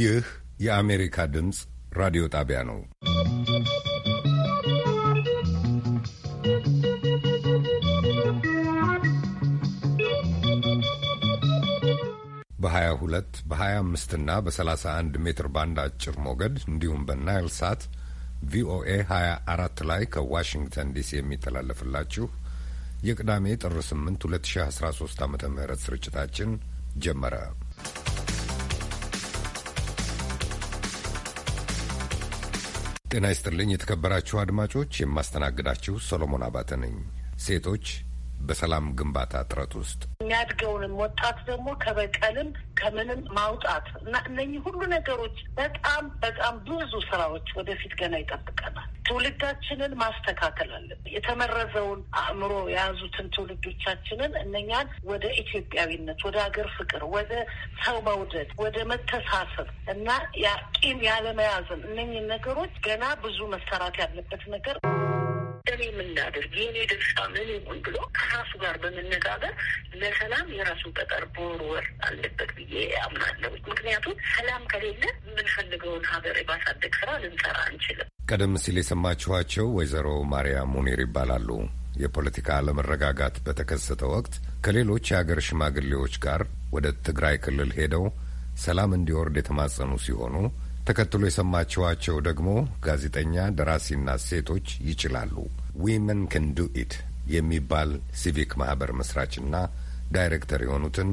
ይህ የአሜሪካ ድምፅ ራዲዮ ጣቢያ ነው። በ22 በ25 እና በ31 ሜትር ባንድ አጭር ሞገድ እንዲሁም በናይል ሳት ቪኦኤ 24 ላይ ከዋሽንግተን ዲሲ የሚተላለፍላችሁ የቅዳሜ ጥር 8 2013 ዓ ም ስርጭታችን ጀመረ። ጤና ይስጥልኝ የተከበራችሁ አድማጮች፣ የማስተናግዳችሁ ሶሎሞን አባተ ነኝ። ሴቶች በሰላም ግንባታ ጥረት ውስጥ የሚያድገውንም ወጣት ደግሞ ከበቀልም ከምንም ማውጣት እና እነኚህ ሁሉ ነገሮች በጣም በጣም ብዙ ስራዎች ወደፊት ገና ይጠብቀናል። ትውልዳችንን ማስተካከል አለብን። የተመረዘውን አእምሮ የያዙትን ትውልዶቻችንን እነኛን ወደ ኢትዮጵያዊነት፣ ወደ ሀገር ፍቅር፣ ወደ ሰው መውደድ፣ ወደ መተሳሰብ እና ቂም ያለመያዝን እነኚህ ነገሮች ገና ብዙ መሰራት ያለበት ነገር እኔ የምናደርግ የኔ ድርሻ ምን ይሁን ብሎ ከራሱ ጋር በመነጋገር ለሰላም የራሱን ጠጠር መወርወር አለበት ብዬ አምናለሁ። ምክንያቱም ሰላም ከሌለ የምንፈልገውን ሀገር የማሳደግ ስራ ልንሰራ አንችልም። ቀደም ሲል የሰማችኋቸው ወይዘሮ ማርያም ሙኒር ይባላሉ። የፖለቲካ አለመረጋጋት በተከሰተ ወቅት ከሌሎች የአገር ሽማግሌዎች ጋር ወደ ትግራይ ክልል ሄደው ሰላም እንዲወርድ የተማጸኑ ሲሆኑ ተከትሎ የሰማችኋቸው ደግሞ ጋዜጠኛ ደራሲና ሴቶች ይችላሉ ዊመን ከን ዱ ኢት የሚባል ሲቪክ ማህበር መስራችና ዳይሬክተር የሆኑትን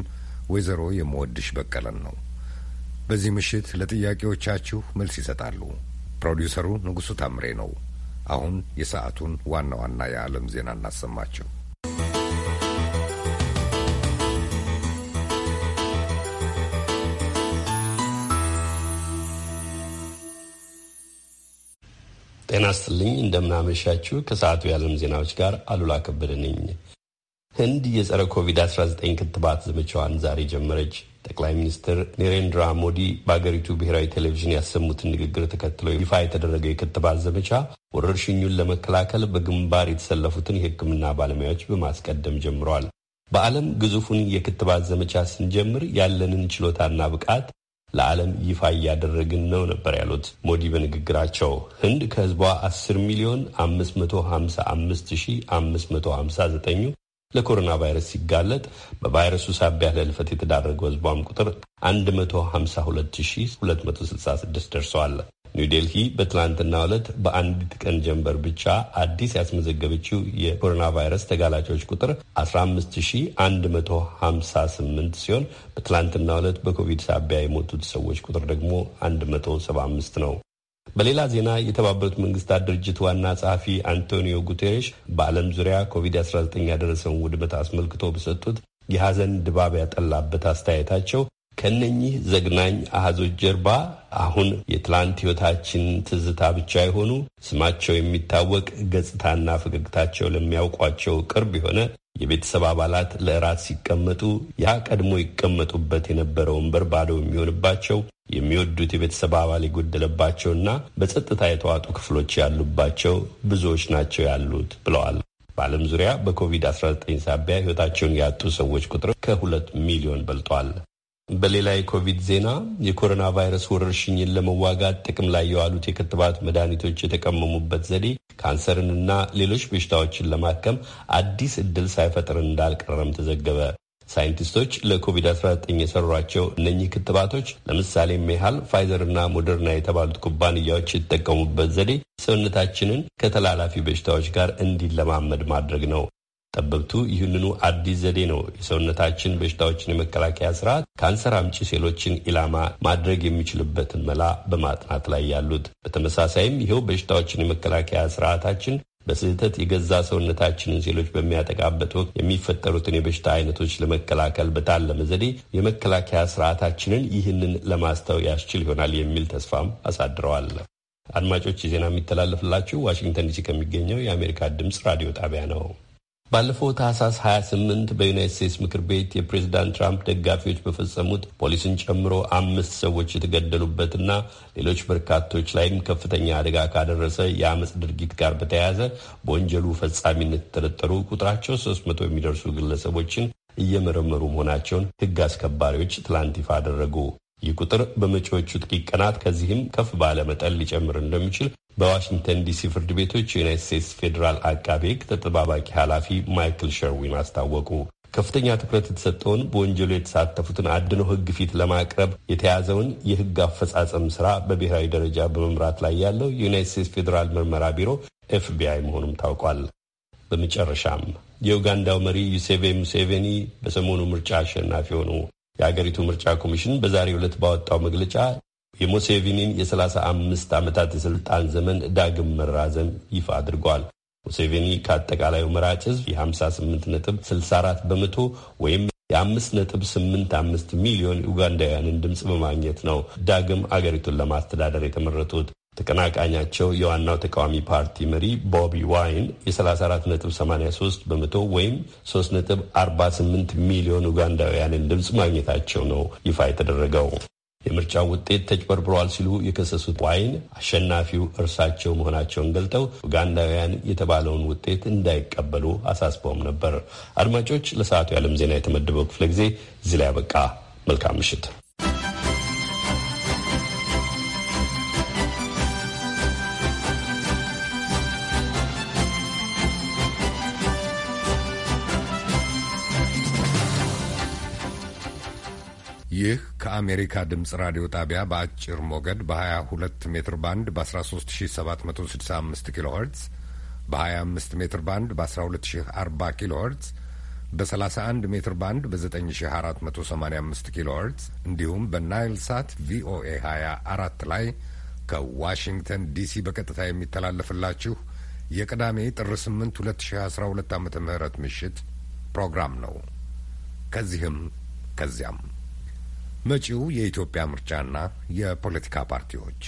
ወይዘሮ የምወድሽ በቀለን ነው። በዚህ ምሽት ለጥያቄዎቻችሁ መልስ ይሰጣሉ። ፕሮዲውሰሩ ንጉሡ ታምሬ ነው። አሁን የሰዓቱን ዋና ዋና የዓለም ዜና እናሰማችሁ። ጤና ስትልኝ እንደምናመሻችሁ ከሰዓቱ የዓለም ዜናዎች ጋር አሉላ ከበደ ነኝ። ህንድ የጸረ ኮቪድ-19 ክትባት ዘመቻዋን ዛሬ ጀመረች። ጠቅላይ ሚኒስትር ኒሬንድራ ሞዲ በአገሪቱ ብሔራዊ ቴሌቪዥን ያሰሙትን ንግግር ተከትሎ ይፋ የተደረገው የክትባት ዘመቻ ወረርሽኙን ለመከላከል በግንባር የተሰለፉትን የሕክምና ባለሙያዎች በማስቀደም ጀምረዋል። በዓለም ግዙፉን የክትባት ዘመቻ ስንጀምር ያለንን ችሎታና ብቃት ለዓለም ይፋ እያደረግን ነው ነበር ያሉት ሞዲ በንግግራቸው። ህንድ ከህዝቧ 10 ሚሊዮን 555559 ለኮሮና ቫይረስ ሲጋለጥ በቫይረሱ ሳቢያ ለልፈት የተዳረገው ህዝቧም ቁጥር 152266 ደርሰዋል። ኒውዴልሂ በትላንትና ዕለት በአንዲት ቀን ጀንበር ብቻ አዲስ ያስመዘገበችው የኮሮና ቫይረስ ተጋላጮች ቁጥር 15158 ሲሆን በትላንትና ዕለት በኮቪድ ሳቢያ የሞቱት ሰዎች ቁጥር ደግሞ 175 ነው። በሌላ ዜና የተባበሩት መንግስታት ድርጅት ዋና ጸሐፊ አንቶኒዮ ጉቴሬሽ በዓለም ዙሪያ ኮቪድ-19 ያደረሰውን ውድመት አስመልክቶ በሰጡት የሐዘን ድባብ ያጠላበት አስተያየታቸው ከነኚህ ዘግናኝ አሃዞች ጀርባ አሁን የትላንት ሕይወታችን ትዝታ ብቻ የሆኑ ስማቸው የሚታወቅ ገጽታና ፈገግታቸው ለሚያውቋቸው ቅርብ የሆነ የቤተሰብ አባላት ለእራት ሲቀመጡ ያ ቀድሞ ይቀመጡበት የነበረው ወንበር ባዶ የሚሆንባቸው የሚወዱት የቤተሰብ አባል የጎደለባቸውና በጸጥታ የተዋጡ ክፍሎች ያሉባቸው ብዙዎች ናቸው ያሉት ብለዋል። በዓለም ዙሪያ በኮቪድ-19 ሳቢያ ሕይወታቸውን ያጡ ሰዎች ቁጥር ከሁለት ሚሊዮን በልጧል። በሌላ የኮቪድ ዜና የኮሮና ቫይረስ ወረርሽኝን ለመዋጋት ጥቅም ላይ የዋሉት የክትባት መድኃኒቶች የተቀመሙበት ዘዴ ካንሰርንና ሌሎች በሽታዎችን ለማከም አዲስ እድል ሳይፈጥር እንዳልቀረም ተዘገበ። ሳይንቲስቶች ለኮቪድ-19 የሰሯቸው እነኚህ ክትባቶች ለምሳሌም ያህል ፋይዘርና ሞደርና የተባሉት ኩባንያዎች የተጠቀሙበት ዘዴ ሰውነታችንን ከተላላፊ በሽታዎች ጋር እንዲለማመድ ማድረግ ነው። ጠበብቱ ይህንኑ አዲስ ዘዴ ነው የሰውነታችን በሽታዎችን የመከላከያ ስርዓት ካንሰር አምጪ ሴሎችን ኢላማ ማድረግ የሚችልበትን መላ በማጥናት ላይ ያሉት። በተመሳሳይም ይኸው በሽታዎችን የመከላከያ ስርዓታችን በስህተት የገዛ ሰውነታችንን ሴሎች በሚያጠቃበት ወቅት የሚፈጠሩትን የበሽታ አይነቶች ለመከላከል በታለመ ዘዴ የመከላከያ ስርዓታችንን ይህንን ለማስተው ያስችል ይሆናል የሚል ተስፋም አሳድረዋል። አድማጮች፣ ዜና የሚተላለፍላችሁ ዋሽንግተን ዲሲ ከሚገኘው የአሜሪካ ድምፅ ራዲዮ ጣቢያ ነው። ባለፈው ታህሳስ 28 በዩናይት ስቴትስ ምክር ቤት የፕሬዚዳንት ትራምፕ ደጋፊዎች በፈጸሙት ፖሊስን ጨምሮ አምስት ሰዎች የተገደሉበትና ሌሎች በርካቶች ላይም ከፍተኛ አደጋ ካደረሰ የአመፅ ድርጊት ጋር በተያያዘ በወንጀሉ ፈጻሚነት የተጠረጠሩ ቁጥራቸው 300 የሚደርሱ ግለሰቦችን እየመረመሩ መሆናቸውን ሕግ አስከባሪዎች ትላንት ይፋ አደረጉ። ይህ ቁጥር በመጪዎቹ ጥቂት ቀናት ከዚህም ከፍ ባለ መጠን ሊጨምር እንደሚችል በዋሽንግተን ዲሲ ፍርድ ቤቶች የዩናይት ስቴትስ ፌዴራል አቃቤ ሕግ ተጠባባቂ ኃላፊ ማይክል ሸርዊን አስታወቁ። ከፍተኛ ትኩረት የተሰጠውን በወንጀሉ የተሳተፉትን አድኖ ሕግ ፊት ለማቅረብ የተያዘውን የሕግ አፈጻጸም ስራ በብሔራዊ ደረጃ በመምራት ላይ ያለው የዩናይት ስቴትስ ፌዴራል ምርመራ ቢሮ ኤፍቢአይ መሆኑም ታውቋል። በመጨረሻም የኡጋንዳው መሪ ዩሴቬ ሙሴቬኒ በሰሞኑ ምርጫ አሸናፊ ሆኑ። የአገሪቱ ምርጫ ኮሚሽን በዛሬው ዕለት ባወጣው መግለጫ የሙሴቪኒን የ አምስት ዓመታት የሥልጣን ዘመን ዳግም መራዘም ይፋ አድርጓል። ሙሴቪኒ ከአጠቃላዩ መራጭ ሕዝብ የ58 ነጥብ 64 በመቶ ወይም የ ነጥብ ስምንት ሚሊዮን ኡጋንዳውያንን ድምፅ በማግኘት ነው ዳግም አገሪቱን ለማስተዳደር የተመረጡት። ተቀናቃኛቸው የዋናው ተቃዋሚ ፓርቲ መሪ ቦቢ ዋይን የ34.83 በመቶ ወይም 3.48 ሚሊዮን ኡጋንዳውያንን ድምፅ ማግኘታቸው ነው ይፋ የተደረገው። የምርጫ ውጤት ተጭበርብሯል ሲሉ የከሰሱት ዋይን አሸናፊው እርሳቸው መሆናቸውን ገልጠው ኡጋንዳውያን የተባለውን ውጤት እንዳይቀበሉ አሳስበውም ነበር። አድማጮች፣ ለሰዓቱ የዓለም ዜና የተመደበው ክፍለ ጊዜ እዚህ ላይ ያበቃ። መልካም ምሽት። ይህ ከአሜሪካ ድምፅ ራዲዮ ጣቢያ በአጭር ሞገድ በ22 ሜትር ባንድ በ13765 ኪሎ ኸርትዝ በ25 ሜትር ባንድ በ1240 ኪሎ ኸርትዝ በ31 ሜትር ባንድ በ9485 ኪሎ ኸርትዝ እንዲሁም በናይል ሳት ቪኦኤ 24 ላይ ከዋሽንግተን ዲሲ በቀጥታ የሚተላለፍላችሁ የቅዳሜ ጥር 8 2012 ዓ ም ምሽት ፕሮግራም ነው። ከዚህም ከዚያም መጪው የኢትዮጵያ ምርጫና የፖለቲካ ፓርቲዎች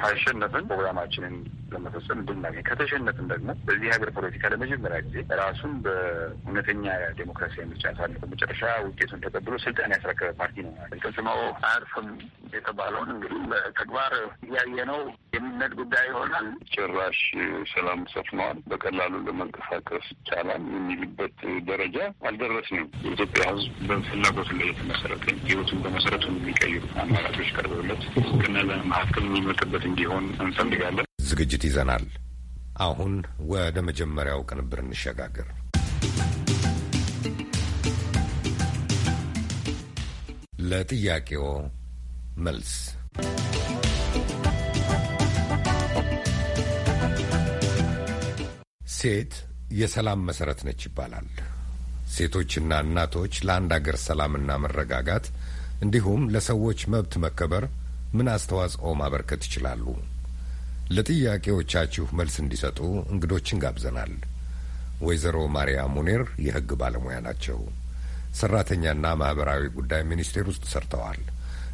ካሸነፍን ፕሮግራማችንን ለመፈጸም እንድናገኝ ከተሸነፍን ደግሞ በዚህ ሀገር ፖለቲካ ለመጀመሪያ ጊዜ ራሱን በእውነተኛ ዴሞክራሲያዊ ምርጫ አሳልፎ መጨረሻ ውጤቱን ተቀብሎ ስልጣን ያስረከበ ፓርቲ ነው። ተጽዕኖው አያርፍም የተባለውን እንግዲህ በተግባር እያየ ነው። የሚነት ጉዳይ ይሆናል። ጭራሽ ሰላም ሰፍነዋል፣ በቀላሉ ለመንቀሳቀስ ይቻላል የሚልበት ደረጃ አልደረስንም። የኢትዮጵያ ሕዝብ በፍላጎት ላይ የተመሰረተ ሕይወቱን በመሰረቱ የሚቀይሩ አማራጮች ቀርበውለት ከነ መካከል የሚመርጥበት እንዲሆን እንፈልጋለን። ዝግጅት ይዘናል። አሁን ወደ መጀመሪያው ቅንብር እንሸጋገር። ለጥያቄዎ መልስ ሴት የሰላም መሰረት ነች ይባላል። ሴቶችና እናቶች ለአንድ አገር ሰላምና መረጋጋት እንዲሁም ለሰዎች መብት መከበር ምን አስተዋጽኦ ማበርከት ይችላሉ? ለጥያቄዎቻችሁ መልስ እንዲሰጡ እንግዶችን ጋብዘናል። ወይዘሮ ማርያም ሙኔር የሕግ ባለሙያ ናቸው። ሰራተኛና ማኅበራዊ ጉዳይ ሚኒስቴር ውስጥ ሰርተዋል።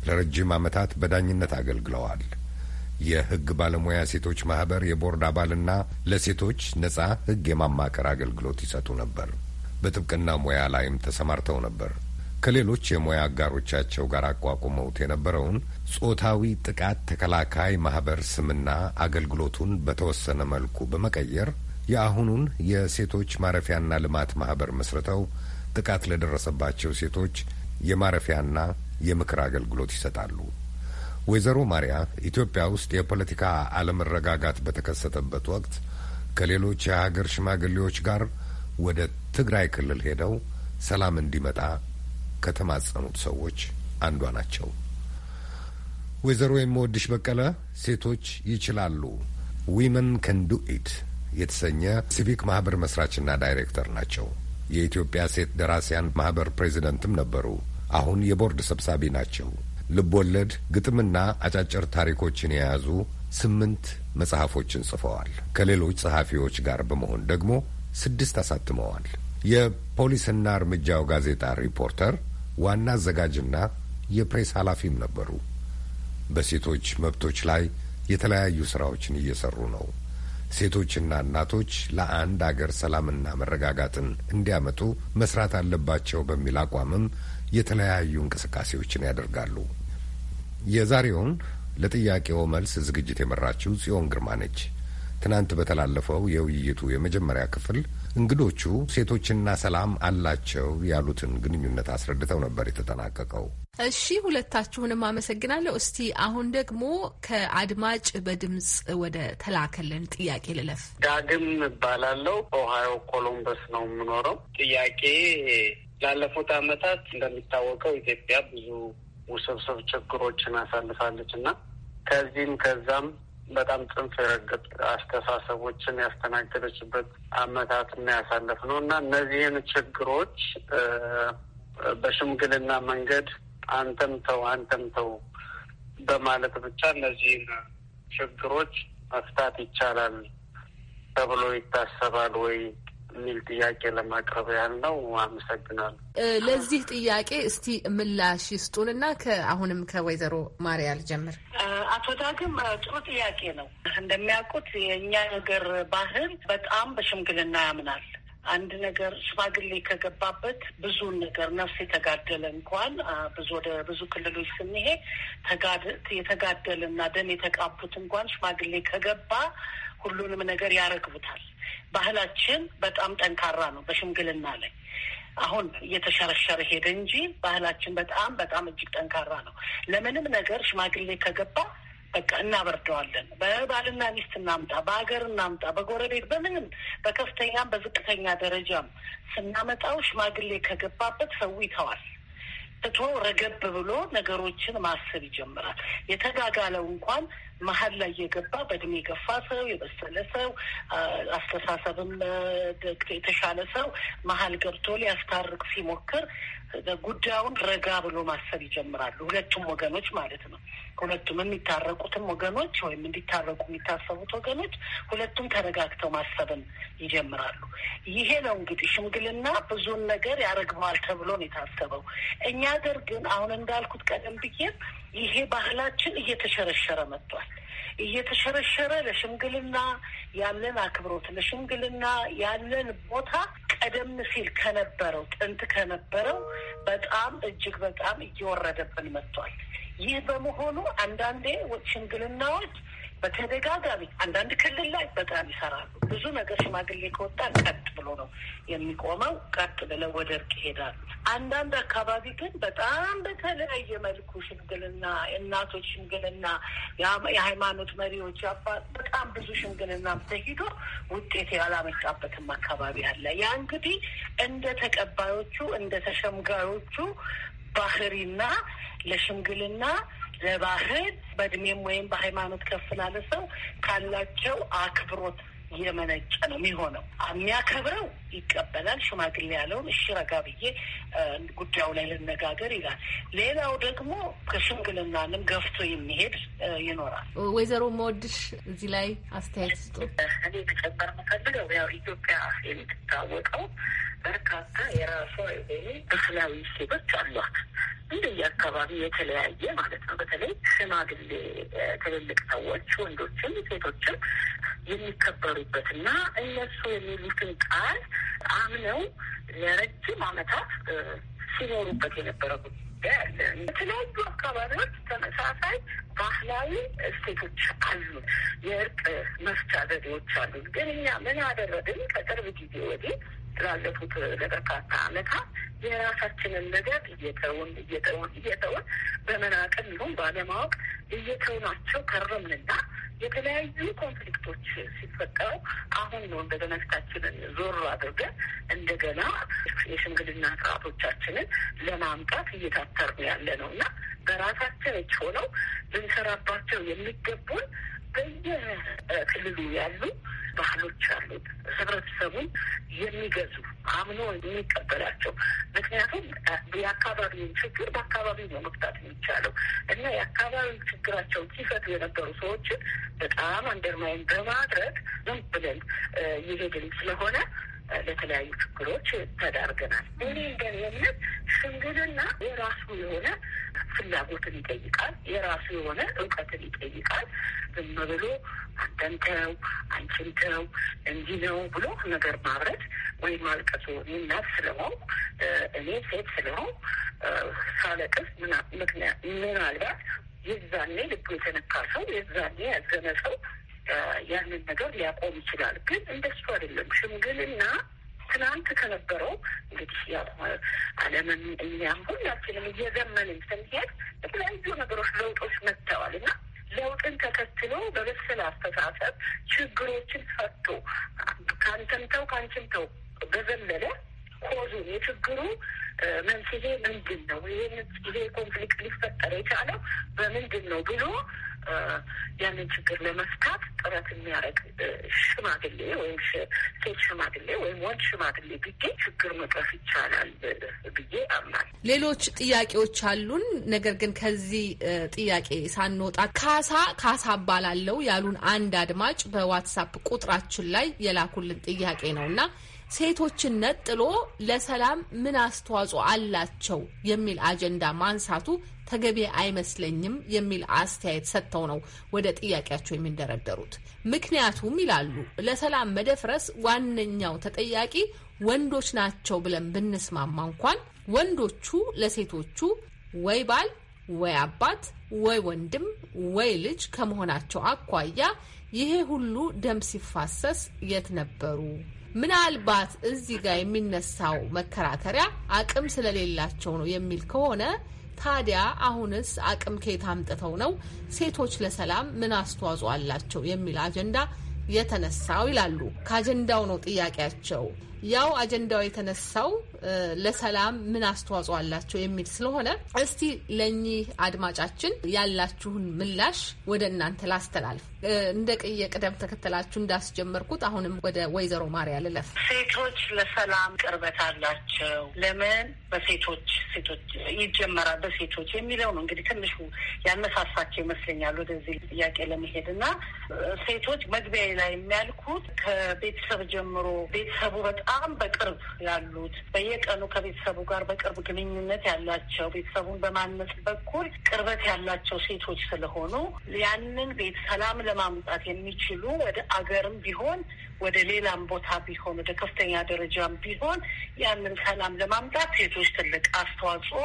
ለረጅም ዓመታት በዳኝነት አገልግለዋል። የሕግ ባለሙያ ሴቶች ማኅበር የቦርድ አባልና ለሴቶች ነጻ ሕግ የማማከር አገልግሎት ይሰጡ ነበር። በጥብቅና ሙያ ላይም ተሰማርተው ነበር። ከሌሎች የሙያ አጋሮቻቸው ጋር አቋቁመውት የነበረውን ጾታዊ ጥቃት ተከላካይ ማህበር ስምና አገልግሎቱን በተወሰነ መልኩ በመቀየር የአሁኑን የሴቶች ማረፊያና ልማት ማህበር መስርተው ጥቃት ለደረሰባቸው ሴቶች የማረፊያና የምክር አገልግሎት ይሰጣሉ። ወይዘሮ ማሪያ ኢትዮጵያ ውስጥ የፖለቲካ አለመረጋጋት በተከሰተበት ወቅት ከሌሎች የሀገር ሽማግሌዎች ጋር ወደ ትግራይ ክልል ሄደው ሰላም እንዲመጣ ከተማጸኑት ሰዎች አንዷ ናቸው። ወይዘሮ የምወድሽ በቀለ ሴቶች ይችላሉ ዊመን ከን ዱ ኢት የተሰኘ ሲቪክ ማህበር መስራችና ዳይሬክተር ናቸው። የኢትዮጵያ ሴት ደራሲያን ማህበር ፕሬዚደንትም ነበሩ። አሁን የቦርድ ሰብሳቢ ናቸው። ልቦለድ፣ ግጥምና አጫጭር ታሪኮችን የያዙ ስምንት መጽሐፎችን ጽፈዋል። ከሌሎች ጸሐፊዎች ጋር በመሆን ደግሞ ስድስት አሳትመዋል። የፖሊስና እርምጃው ጋዜጣ ሪፖርተር ዋና አዘጋጅና የፕሬስ ኃላፊም ነበሩ። በሴቶች መብቶች ላይ የተለያዩ ስራዎችን እየሰሩ ነው። ሴቶችና እናቶች ለአንድ አገር ሰላምና መረጋጋትን እንዲያመጡ መስራት አለባቸው በሚል አቋምም የተለያዩ እንቅስቃሴዎችን ያደርጋሉ። የዛሬውን ለጥያቄው መልስ ዝግጅት የመራችው ጽዮን ግርማ ነች። ትናንት በተላለፈው የውይይቱ የመጀመሪያ ክፍል እንግዶቹ ሴቶችና ሰላም አላቸው ያሉትን ግንኙነት አስረድተው ነበር የተጠናቀቀው። እሺ ሁለታችሁንም አመሰግናለሁ። እስቲ አሁን ደግሞ ከአድማጭ በድምፅ ወደ ተላከልን ጥያቄ ልለፍ። ዳግም እባላለሁ። ኦሃዮ ኮሎምበስ ነው የምኖረው። ጥያቄ ላለፉት አመታት እንደሚታወቀው ኢትዮጵያ ብዙ ውስብስብ ችግሮችን አሳልፋለች እና ከዚህም ከዛም በጣም ጥንፍ የረገጥ አስተሳሰቦችን ያስተናገደችበት አመታት አመታትና ያሳለፍ ነው እና እነዚህን ችግሮች በሽምግልና መንገድ አንተም ተው አንተም ተው በማለት ብቻ እነዚህን ችግሮች መፍታት ይቻላል ተብሎ ይታሰባል ወይ የሚል ጥያቄ ለማቅረብ ያለው አመሰግናለሁ። ለዚህ ጥያቄ እስቲ ምላሽ ይስጡንና ከአሁንም ከወይዘሮ ማርያ ልጀምር። አቶ ዳግም ጥሩ ጥያቄ ነው። እንደሚያውቁት የእኛ ነገር ባህል በጣም በሽምግልና ያምናል። አንድ ነገር ሽማግሌ ከገባበት ብዙን ነገር ነፍስ የተጋደለ እንኳን ብዙ ወደ ብዙ ክልሎች ስንሄድ የተጋደለ እና ደም የተቃቡት እንኳን ሽማግሌ ከገባ ሁሉንም ነገር ያረግቡታል። ባህላችን በጣም ጠንካራ ነው በሽምግልና ላይ አሁን እየተሸረሸረ ሄደ እንጂ ባህላችን በጣም በጣም እጅግ ጠንካራ ነው። ለምንም ነገር ሽማግሌ ከገባ በቃ እናበርደዋለን። በባልና ሚስት እናምጣ፣ በሀገር እናምጣ፣ በጎረቤት በምንም በከፍተኛም በዝቅተኛ ደረጃም ስናመጣው ሽማግሌ ከገባበት ሰው ይተዋል። ትቶ ረገብ ብሎ ነገሮችን ማሰብ ይጀምራል። የተጋጋለው እንኳን መሀል ላይ የገባ በእድሜ የገፋ ሰው፣ የበሰለ ሰው፣ አስተሳሰብም የተሻለ ሰው መሀል ገብቶ ሊያስታርቅ ሲሞክር ጉዳዩን ረጋ ብሎ ማሰብ ይጀምራሉ። ሁለቱም ወገኖች ማለት ነው። ሁለቱም የሚታረቁትም ወገኖች ወይም እንዲታረቁ የሚታሰቡት ወገኖች ሁለቱም ተረጋግተው ማሰብን ይጀምራሉ። ይሄ ነው እንግዲህ ሽምግልና ብዙን ነገር ያረግመዋል ተብሎ ነው የታሰበው። እኛ ገር ግን አሁን እንዳልኩት ቀደም ብዬም ይሄ ባህላችን እየተሸረሸረ መጥቷል። እየተሸረሸረ ለሽምግልና ያለን አክብሮት ለሽምግልና ያለን ቦታ ቀደም ሲል ከነበረው ጥንት ከነበረው በጣም እጅግ በጣም እየወረደብን መጥቷል። ይህ በመሆኑ አንዳንዴ ሽምግልናዎች በተደጋጋሚ አንዳንድ ክልል ላይ በጣም ይሰራሉ። ብዙ ነገር ሽማግሌ ከወጣ ቀጥ ብሎ ነው የሚቆመው። ቀጥ ብለው ወደ እርቅ ይሄዳሉ። አንዳንድ አካባቢ ግን በጣም በተለያየ መልኩ ሽምግልና፣ እናቶች ሽምግልና፣ የሃይማኖት መሪዎች በጣም ብዙ ሽምግልና ተሂዶ ውጤት ያላመጣበትም አካባቢ አለ። ያ እንግዲህ እንደ ተቀባዮቹ እንደ ተሸምጋዮቹ ባህሪና ለሽምግልና በባህል በእድሜም ወይም በሃይማኖት ከፍ ላለ ሰው ካላቸው አክብሮት የመነጨ ነው የሚሆነው። የሚያከብረው ይቀበላል። ሽማግሌ ያለውን እሺ ረጋ ብዬ ጉዳዩ ላይ ልነጋገር ይላል። ሌላው ደግሞ ከሽምግልናንም ገፍቶ የሚሄድ ይኖራል። ወይዘሮ መወድሽ እዚህ ላይ አስተያየት ስጡ። እኔ ተጨበር መፈልገው ያው ኢትዮጵያ የምትታወቀው በርካታ የራሷ የሆኑ ባህላዊ ሴቶች አሏት እንደየ አካባቢ የተለያየ ማለት ነው። በተለይ ሽማግሌ ትልልቅ ሰዎች ወንዶችም ሴቶችም የሚከበሩ እና እነሱ የሚሉትን ቃል አምነው ለረጅም ዓመታት ሲኖሩበት የነበረ ጉዳይ አለ። የተለያዩ አካባቢዎች ተመሳሳይ ባህላዊ እሴቶች አሉ፣ የእርቅ መፍቻ ዘዴዎች አሉ። ግን እኛ ምን አደረግን? ከቅርብ ጊዜ ወዲህ ስላለፉት ለበርካታ አመታት የራሳችንን ነገር እየተውን እየተውን እየተውን በመናቅም ይሁን ባለማወቅ እየተውናቸው ከረምንና የተለያዩ ኮንፍሊክቶች ሲፈጠሩ አሁን ነው እንደገና መፍታችንን ዞር አድርገን እንደገና የሽምግልና ስርዓቶቻችንን ለማምጣት እየታተርን ያለ ነው እና በራሳችን እች ሆነው ልንሰራባቸው የሚገቡን በየክልሉ ያሉ ባህሎች አሉት። ህብረተሰቡን የሚገዙ አምኖ የሚቀበላቸው ምክንያቱም የአካባቢውን ችግር በአካባቢው ነው መፍታት የሚቻለው እና የአካባቢ ችግራቸውን ሲፈቱ የነበሩ ሰዎችን በጣም አንደርማይን በማድረግ ዝም ብለን ይሄድን ስለሆነ ለተለያዩ ችግሮች ተዳርገናል። እኔ እንደኔ እምነት ሽምግልና የራሱ የሆነ ፍላጎትን ይጠይቃል። የራሱ የሆነ እውቀትን ይጠይቃል። ዝም ብሎ አንተንተው አንችንተው እንዲህ ነው ብሎ ነገር ማብረት ወይም አልቀሱ እናት ስለሆን እኔ ሴት ስለሆን ሳለቅስ ምክንያት ምናልባት የዛኔ ልቡ የተነካ ሰው የዛኔ ያዘነ ሰው ያንን ነገር ሊያቆም ይችላል። ግን እንደሱ አይደለም። ሽምግልና ትናንት ከነበረው እንግዲህ ያው ዓለምን እኛም ሁላችንም እየዘመንን ስንሄድ የተለያዩ ነገሮች ለውጦች መጥተዋል እና ለውጥን ተከትሎ በበሰለ አስተሳሰብ ችግሮችን ፈቶ ከአንተም ተው ከአንቺም ተው በዘለለ ኮዙ የችግሩ መንስኤ ምንድን ነው? ይሄ ኮንፍሊክት ሊፈጠር የቻለው በምንድን ነው ብሎ ያንን ችግር ለመፍታት ጥረት የሚያደርግ ሽማግሌ ወይም ሴት ሽማግሌ ወይም ወንድ ሽማግሌ ብዬ ችግር መቅረፍ ይቻላል ብዬ አምናለሁ። ሌሎች ጥያቄዎች አሉን። ነገር ግን ከዚህ ጥያቄ ሳንወጣ ካሳ ካሳ እባላለሁ ያሉን አንድ አድማጭ በዋትሳፕ ቁጥራችን ላይ የላኩልን ጥያቄ ነው እና ሴቶችን ነጥሎ ለሰላም ምን አስተዋጽኦ አላቸው የሚል አጀንዳ ማንሳቱ ተገቢ አይመስለኝም የሚል አስተያየት ሰጥተው ነው ወደ ጥያቄያቸው የሚንደረደሩት። ምክንያቱም ይላሉ ለሰላም መደፍረስ ዋነኛው ተጠያቂ ወንዶች ናቸው ብለን ብንስማማ እንኳን ወንዶቹ ለሴቶቹ ወይ ባል ወይ አባት ወይ ወንድም ወይ ልጅ ከመሆናቸው አኳያ ይሄ ሁሉ ደም ሲፋሰስ የት ነበሩ ምናልባት እዚህ ጋር የሚነሳው መከራከሪያ አቅም ስለሌላቸው ነው የሚል ከሆነ ታዲያ አሁንስ አቅም ከየት አምጥተው ነው ሴቶች ለሰላም ምን አስተዋጽኦ አላቸው የሚል አጀንዳ የተነሳው ይላሉ። ከአጀንዳው ነው ጥያቄያቸው። ያው አጀንዳው የተነሳው ለሰላም ምን አስተዋጽኦ አላቸው የሚል ስለሆነ እስቲ ለእኚህ አድማጫችን ያላችሁን ምላሽ ወደ እናንተ ላስተላልፍ። እንደ ቅየ ቅደም ተከተላችሁ እንዳስጀመርኩት አሁንም ወደ ወይዘሮ ማርያ ልለፍ። ሴቶች ለሰላም ቅርበት አላቸው። ለምን በሴቶች ሴቶች ይጀመራል በሴቶች የሚለው ነው እንግዲህ ትንሹ ያነሳሳቸው ይመስለኛል ወደዚህ ጥያቄ ለመሄድ እና ሴቶች መግቢያ ላይ የሚያልኩት ከቤተሰብ ጀምሮ ቤተሰቡ በጣም በጣም በቅርብ ያሉት በየቀኑ ከቤተሰቡ ጋር በቅርብ ግንኙነት ያላቸው ቤተሰቡን በማነጽ በኩል ቅርበት ያላቸው ሴቶች ስለሆኑ ያንን ቤት ሰላም ለማምጣት የሚችሉ ወደ አገርም ቢሆን ወደ ሌላም ቦታ ቢሆን ወደ ከፍተኛ ደረጃም ቢሆን ያንን ሰላም ለማምጣት ሴቶች ትልቅ አስተዋጽኦ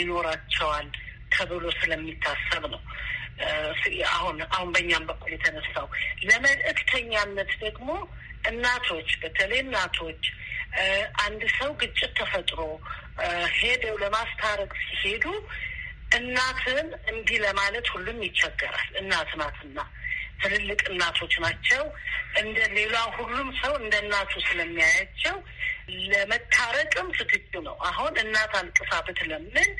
ይኖራቸዋል ተብሎ ስለሚታሰብ ነው። አሁን አሁን በእኛም በኩል የተነሳው ለመልእክተኛነት ደግሞ እናቶች በተለይ እናቶች አንድ ሰው ግጭት ተፈጥሮ ሄደው ለማስታረቅ ሲሄዱ እናትን እንዲህ ለማለት ሁሉም ይቸገራል። እናት ናትና ትልልቅ እናቶች ናቸው። እንደ ሌላ ሁሉም ሰው እንደ እናቱ ስለሚያያቸው ለመታረቅም ዝግጁ ነው። አሁን እናት አልቅሳ ብትለምን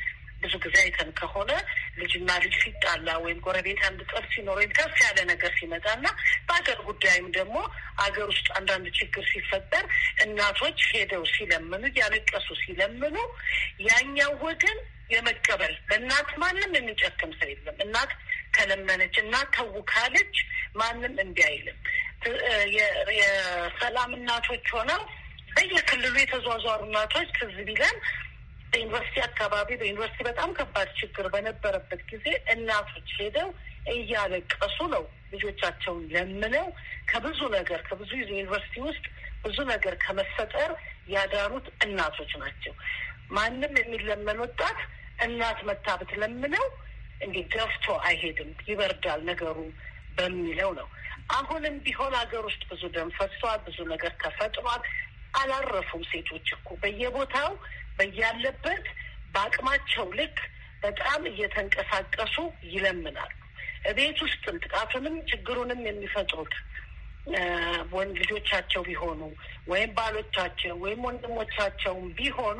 ብዙ ጊዜ አይተን ከሆነ ልጅና ልጅ ሲጣላ ወይም ጎረቤት አንድ ጠብ ሲኖር ወይም ከፍ ያለ ነገር ሲመጣና በአገር ጉዳይም ደግሞ አገር ውስጥ አንዳንድ ችግር ሲፈጠር እናቶች ሄደው ሲለምኑ ያለቀሱ ሲለምኑ ያኛው ወገን የመቀበል በእናት ማንም የሚጨክም ሰው የለም። እናት ከለመነች እናት ተው ካለች ማንም እምቢ አይልም። የሰላም እናቶች ሆነው በየክልሉ የተዟዟሩ እናቶች ትዝ ቢለን በዩኒቨርሲቲ አካባቢ በዩኒቨርሲቲ በጣም ከባድ ችግር በነበረበት ጊዜ እናቶች ሄደው እያለቀሱ ነው ልጆቻቸውን ለምነው ከብዙ ነገር ከብዙ ዩኒቨርሲቲ ውስጥ ብዙ ነገር ከመፈጠር ያዳኑት እናቶች ናቸው። ማንም የሚለመን ወጣት እናት መታ ብትለምነው እንዲህ ገፍቶ አይሄድም ይበርዳል ነገሩ በሚለው ነው። አሁንም ቢሆን ሀገር ውስጥ ብዙ ደም ፈሷል፣ ብዙ ነገር ተፈጥሯል። አላረፉም ሴቶች እኮ በየቦታው በያለበት በአቅማቸው ልክ በጣም እየተንቀሳቀሱ ይለምናሉ። እቤት ውስጥም ጥቃቱንም ችግሩንም የሚፈጥሩት ልጆቻቸው ቢሆኑ ወይም ባሎቻቸው ወይም ወንድሞቻቸውም ቢሆኑ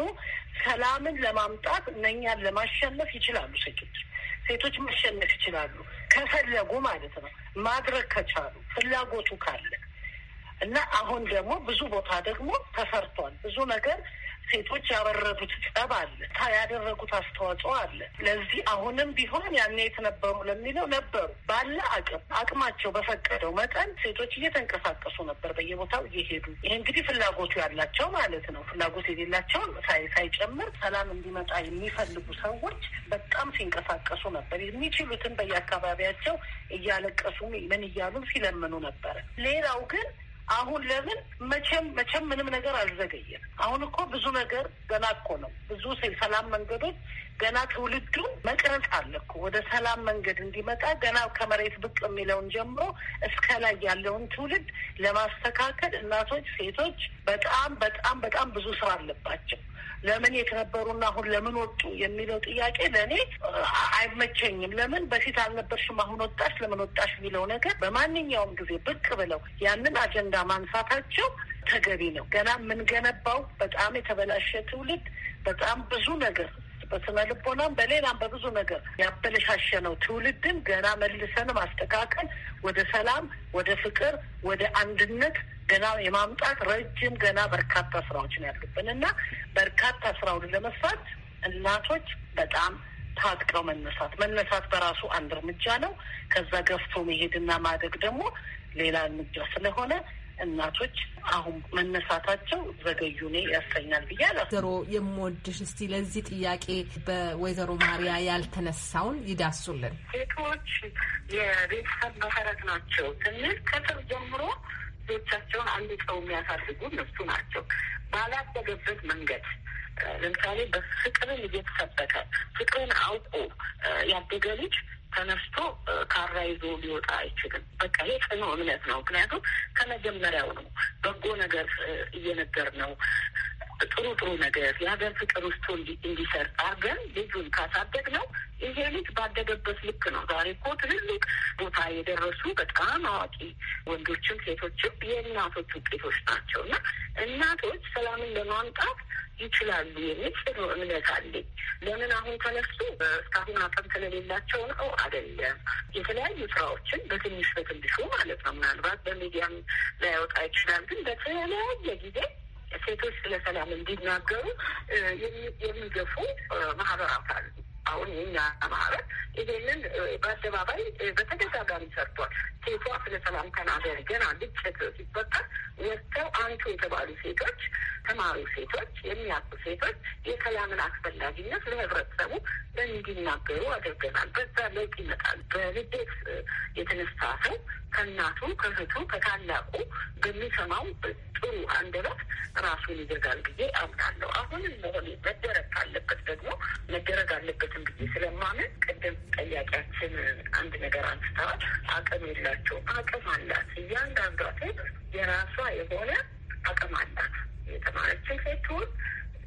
ሰላምን ለማምጣት እነኛን ለማሸነፍ ይችላሉ። ሴቶች ሴቶች ማሸነፍ ይችላሉ ከፈለጉ ማለት ነው፣ ማድረግ ከቻሉ ፍላጎቱ ካለ እና አሁን ደግሞ ብዙ ቦታ ደግሞ ተሰርቷል። ብዙ ነገር ሴቶች ያበረዱት ጠብ አለ፣ ያደረጉት አስተዋጽኦ አለ። ለዚህ አሁንም ቢሆን ያኔ የት ነበሩ ለሚለው ነበሩ። ባለ አቅም አቅማቸው በፈቀደው መጠን ሴቶች እየተንቀሳቀሱ ነበር፣ በየቦታው እየሄዱ ይህ እንግዲህ ፍላጎቱ ያላቸው ማለት ነው። ፍላጎት የሌላቸውን ሳይጨምር ሰላም እንዲመጣ የሚፈልጉ ሰዎች በጣም ሲንቀሳቀሱ ነበር። የሚችሉትን በየአካባቢያቸው እያለቀሱ ምን እያሉም ሲለምኑ ነበረ። ሌላው ግን አሁን ለምን መቼም መቼም ምንም ነገር አልዘገየም። አሁን እኮ ብዙ ነገር ገና እኮ ነው ብዙ ሰላም መንገዶች ገና ትውልዱ መቅረጽ አለ እኮ ወደ ሰላም መንገድ እንዲመጣ ገና ከመሬት ብቅ የሚለውን ጀምሮ እስከ ላይ ያለውን ትውልድ ለማስተካከል እናቶች፣ ሴቶች በጣም በጣም በጣም ብዙ ስራ አለባቸው። ለምን የተነበሩና አሁን ለምን ወጡ የሚለው ጥያቄ ለእኔ አይመቸኝም። ለምን በፊት አልነበርሽም አሁን ወጣሽ ለምን ወጣሽ የሚለው ነገር በማንኛውም ጊዜ ብቅ ብለው ያንን አጀንዳ ማንሳታቸው ተገቢ ነው። ገና የምንገነባው በጣም የተበላሸ ትውልድ በጣም ብዙ ነገር በስነ ልቦናም በሌላም በብዙ ነገር ያበለሻሸ ነው ትውልድን ገና መልሰን ማስተካከል ወደ ሰላም፣ ወደ ፍቅር፣ ወደ አንድነት ገና የማምጣት ረጅም ገና በርካታ ስራዎች ነው ያሉብን እና በርካታ ስራውን ለመስራት እናቶች በጣም ታጥቀው መነሳት መነሳት በራሱ አንድ እርምጃ ነው። ከዛ ገፍቶ መሄድና ማደግ ደግሞ ሌላ እርምጃ ስለሆነ እናቶች አሁን መነሳታቸው ዘገዩ ያሰኛል ብያለሁ። ወይዘሮ የምወድሽ እስቲ ለዚህ ጥያቄ በወይዘሮ ማሪያ ያልተነሳውን ይዳሱልን። ሴቶች የቤተሰብ መሰረት ናቸው። ትንሽ ከጥር ጀምሮ ልጆቻቸውን ሰው የሚያሳድጉ እነሱ ናቸው። ባላደገበት መንገድ ለምሳሌ በፍቅርን እየተሰበከ ፍቅርን አውቆ ያደገ ልጅ ተነስቶ ካራ ይዞ ሊወጣ አይችልም። በቃ ይሄ ጽኑ እምነት ነው። ምክንያቱም ከመጀመሪያው ነው በጎ ነገር እየነገር ነው ጥሩ ጥሩ ነገር የሀገር ፍቅር ውስጡ እንዲሰር አርገን ልጁን ካሳደግ ነው ይሄ ልጅ ባደገበት ልክ ነው። ዛሬ እኮ ትልልቅ ቦታ የደረሱ በጣም አዋቂ ወንዶችም ሴቶችም የእናቶች ውጤቶች ናቸው እና እናቶች ሰላምን ለማምጣት ይችላሉ የሚል ጽኑ እምነት አለኝ። ለምን አሁን ተነሱ እስካሁን አቅም ስለሌላቸው ነው አይደለም። የተለያዩ ስራዎችን በትንሽ በትንሹ ማለት ነው። ምናልባት በሚዲያም ላያወጣ ይችላል። ግን በተለያየ ጊዜ ሴቶች ስለ ሰላም እንዲናገሩ የሚገፉ ማህበራት አሉ። አሁን የኛ ማህበር ይሄንን በአደባባይ በተደጋጋሚ ሰርቷል። ሴቷ ስለ ሰላም ተናገሪ ገና ግጭት ሲፈጠር ወጥተው አንቱ የተባሉ ሴቶች፣ ተማሪ ሴቶች፣ የሚያውቁ ሴቶች የሰላምን አስፈላጊነት ለህብረተሰቡ እንዲናገሩ አድርገናል። በዛ ለውጥ ይመጣል። በንዴት የተነሳ ሰው ከእናቱ ከእህቱ ከታላቁ በሚሰማው ጥሩ አንደበት ራሱን ይገዛል ብዬ አምናለሁ። አሁንም መሆን መደረግ ካለበት ደግሞ መደረግ አለበት አለበትም ጊዜ ስለማመን ቅድም ጠያቂያችን አንድ ነገር አንስተዋል። አቅም የላቸው አቅም አላት። እያንዳንዷ ሴት የራሷ የሆነ አቅም አላት። የተማረችን ሴት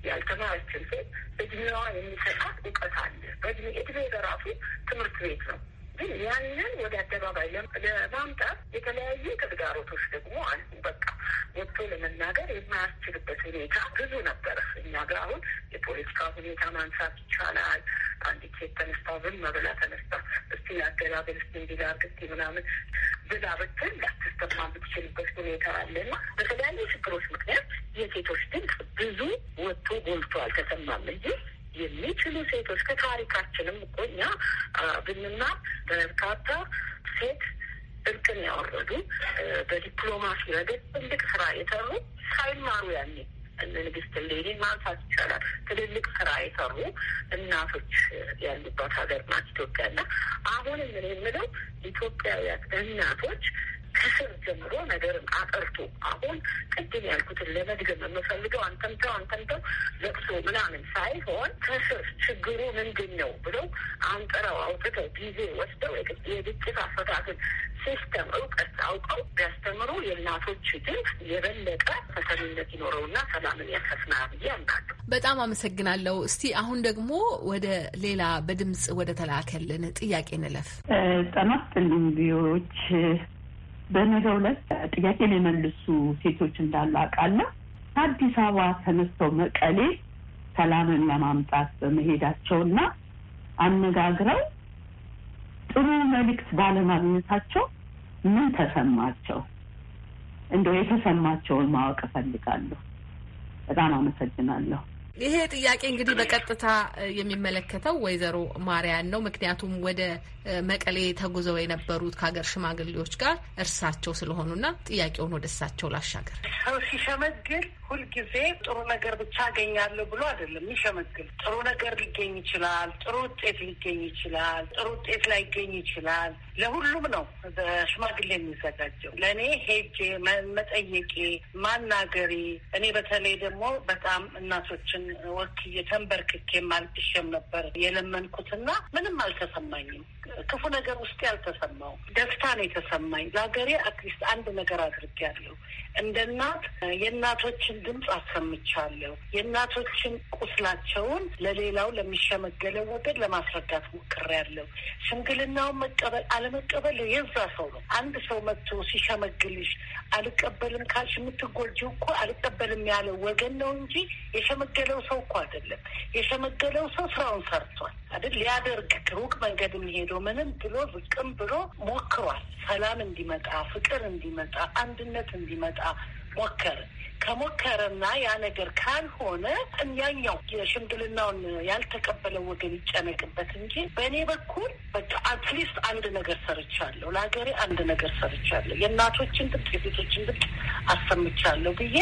ያልተማረችን ሴት እድሜዋ የሚሰጣት እውቀት አለ። በእድሜ እድሜ በራሱ ትምህርት ቤት ነው። ግን ያንን ወደ አደባባይ ለማምጣት የተለያዩ ተግዳሮቶች ደግሞ አሉ። በቃ ወጥቶ ለመናገር የማያስችልበት ሁኔታ ብዙ ነበረ። እኛ ጋር አሁን የፖለቲካ ሁኔታ ማንሳት ይቻላል። አንድ ኬት ተነስታ ብን መብላ ተነስታ እስቲ ያገላገል ስ እንዲላ ርግቲ ምናምን ብላ ብትል ላትስተማ ብትችልበት ሁኔታ አለ አለና በተለያዩ ችግሮች ምክንያት የሴቶች ድምፅ ብዙ ወጥቶ ጎልቶ አልተሰማም እንጂ የሚችሉ ሴቶች ከታሪካችንም እኮ እኛ ብንማር በርካታ ሴት እርቅን ያወረዱ በዲፕሎማሲ ረገድ ትልቅ ስራ የሰሩ ሳይማሩ ያኔ ንግስት ሌኒን ማንሳት ይቻላል። ትልልቅ ስራ የሰሩ እናቶች ያሉባት ሀገር ናት ኢትዮጵያ እና አሁን ምን የምለው ኢትዮጵያውያን እናቶች ከስር ጀምሮ ነገርን አጠርቶ አሁን ቅድም ያልኩትን ለመድገም የምፈልገው አንተምተው አንተምተው ለቅሶ ምናምን ሳይሆን ከስር ችግሩ ምንድን ነው ብለው አንጥረው አውጥተው ጊዜ ወስደው የግጭት አፈታትን ሲስተም እውቀት አውቀው ቢያስተምሩ የእናቶች ግን የበለጠ ተሰሚነት ይኖረውና ሰላ ምናምን ያከፍና ብዬ አምናለሁ። በጣም አመሰግናለሁ። እስቲ አሁን ደግሞ ወደ ሌላ በድምፅ ወደ ተላከልን ጥያቄ ንለፍ። ጠናት ይስጥልኝ በነገው ዕለት ጥያቄ የመልሱ ሴቶች እንዳሉ አውቃለሁ። ከአዲስ አበባ ተነስተው መቀሌ ሰላምን ለማምጣት በመሄዳቸውና አነጋግረው ጥሩ መልእክት ባለማግኘታቸው ምን ተሰማቸው? እንደው የተሰማቸውን ማወቅ እፈልጋለሁ። በጣም አመሰግናለሁ። ይሄ ጥያቄ እንግዲህ በቀጥታ የሚመለከተው ወይዘሮ ማርያን ነው። ምክንያቱም ወደ መቀሌ ተጉዘው የነበሩት ከሀገር ሽማግሌዎች ጋር እርሳቸው ስለሆኑና ጥያቄውን ወደ እሳቸው ላሻገር። ሰው ሲሸመግል ሁልጊዜ ጥሩ ነገር ብቻ አገኛለሁ ብሎ አይደለም ይሸመግል። ጥሩ ነገር ሊገኝ ይችላል፣ ጥሩ ውጤት ሊገኝ ይችላል፣ ጥሩ ውጤት ላይገኝ ይችላል። ለሁሉም ነው በሽማግሌ የሚዘጋጀው። ለእኔ ሄጄ መጠየቄ ማናገሬ እኔ በተለይ ደግሞ በጣም እናቶችን ሰዎችን ወክዬ ተንበርክኬ አልቅሼም ነበር የለመንኩትና ምንም አልተሰማኝም። ክፉ ነገር ውስጤ ያልተሰማው ደስታ ነው የተሰማኝ። ለሀገሬ አትሊስት አንድ ነገር አድርጌያለሁ። እንደ እናት የእናቶችን ድምፅ አሰምቻለሁ። የእናቶችን ቁስላቸውን ለሌላው ለሚሸመገለው ወገን ለማስረዳት ሞክሬያለሁ። ሽምግልናውን መቀበል አለመቀበል የዛ ሰው ነው። አንድ ሰው መጥቶ ሲሸመግልሽ አልቀበልም ካልሽ የምትጎጂው እኮ አልቀበልም ያለው ወገን ነው እንጂ የሸመገለ የሸመገለው ሰው እኮ አይደለም። የሸመገለው ሰው ስራውን ሰርቷል አይደል? ሊያደርግ ሩቅ መንገድ የሚሄደው ምንም ብሎ ዝቅም ብሎ ሞክሯል። ሰላም እንዲመጣ፣ ፍቅር እንዲመጣ፣ አንድነት እንዲመጣ ሞከረ። ከሞከረና ያ ነገር ካልሆነ ያኛው የሽምግልናውን ያልተቀበለው ወገን ይጨነቅበት እንጂ በእኔ በኩል በቃ አትሊስት አንድ ነገር ሰርቻለሁ፣ ለሀገሬ አንድ ነገር ሰርቻለሁ፣ የእናቶችን ድምፅ የሴቶችን ድምፅ አሰምቻለሁ ብዬ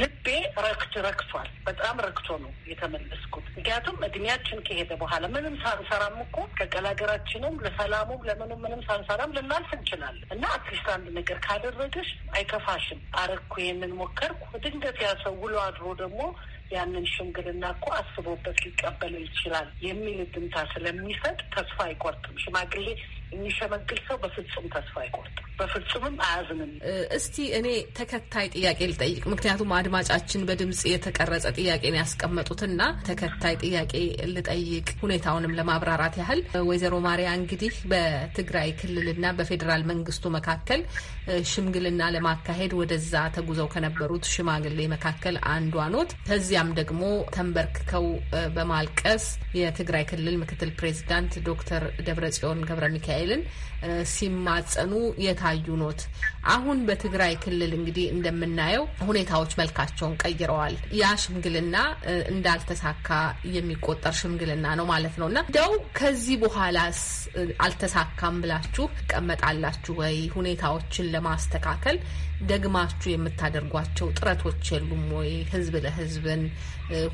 ልቤ ረክት ረክቷል። በጣም ረክቶ ነው የተመለስኩት። ምክንያቱም እድሜያችን ከሄደ በኋላ ምንም ሳንሰራም እኮ ሀገራችንም ለሰላሙም ለምንም ምንም ሳንሰራም ልናልፍ እንችላለን እና አትሊስት አንድ ነገር ካደረገሽ አይከፋሽም። አረግኩ፣ ይህንን ሞከርኩ ድንገት ያ ሰው ውሎ አድሮ ደግሞ ያንን ሽምግልና እኮ አስቦበት ሊቀበለው ይችላል የሚል ድምታ ስለሚሰጥ ተስፋ አይቆርጥም ሽማግሌ የሚሸመግል ሰው በፍጹም ተስፋ አይቆርጥም፣ በፍጹምም አያዝንም። እስቲ እኔ ተከታይ ጥያቄ ልጠይቅ። ምክንያቱም አድማጫችን በድምፅ የተቀረጸ ጥያቄን ያስቀመጡትና ተከታይ ጥያቄ ልጠይቅ፣ ሁኔታውንም ለማብራራት ያህል ወይዘሮ ማሪያ እንግዲህ በትግራይ ክልልና በፌዴራል መንግስቱ መካከል ሽምግልና ለማካሄድ ወደዛ ተጉዘው ከነበሩት ሽማግሌ መካከል አንዷ ኖት። ከዚያም ደግሞ ተንበርክከው በማልቀስ የትግራይ ክልል ምክትል ፕሬዚዳንት ዶክተር ደብረጽዮን ገብረ ሚካኤል እስራኤልን ሲማጸኑ የታዩ ኖት። አሁን በትግራይ ክልል እንግዲህ እንደምናየው ሁኔታዎች መልካቸውን ቀይረዋል። ያ ሽምግልና እንዳልተሳካ የሚቆጠር ሽምግልና ነው ማለት ነው እና እንደው ከዚህ በኋላስ አልተሳካም ብላችሁ ቀመጣላችሁ ወይ? ሁኔታዎችን ለማስተካከል ደግማችሁ የምታደርጓቸው ጥረቶች የሉም ወይ? ህዝብ ለህዝብን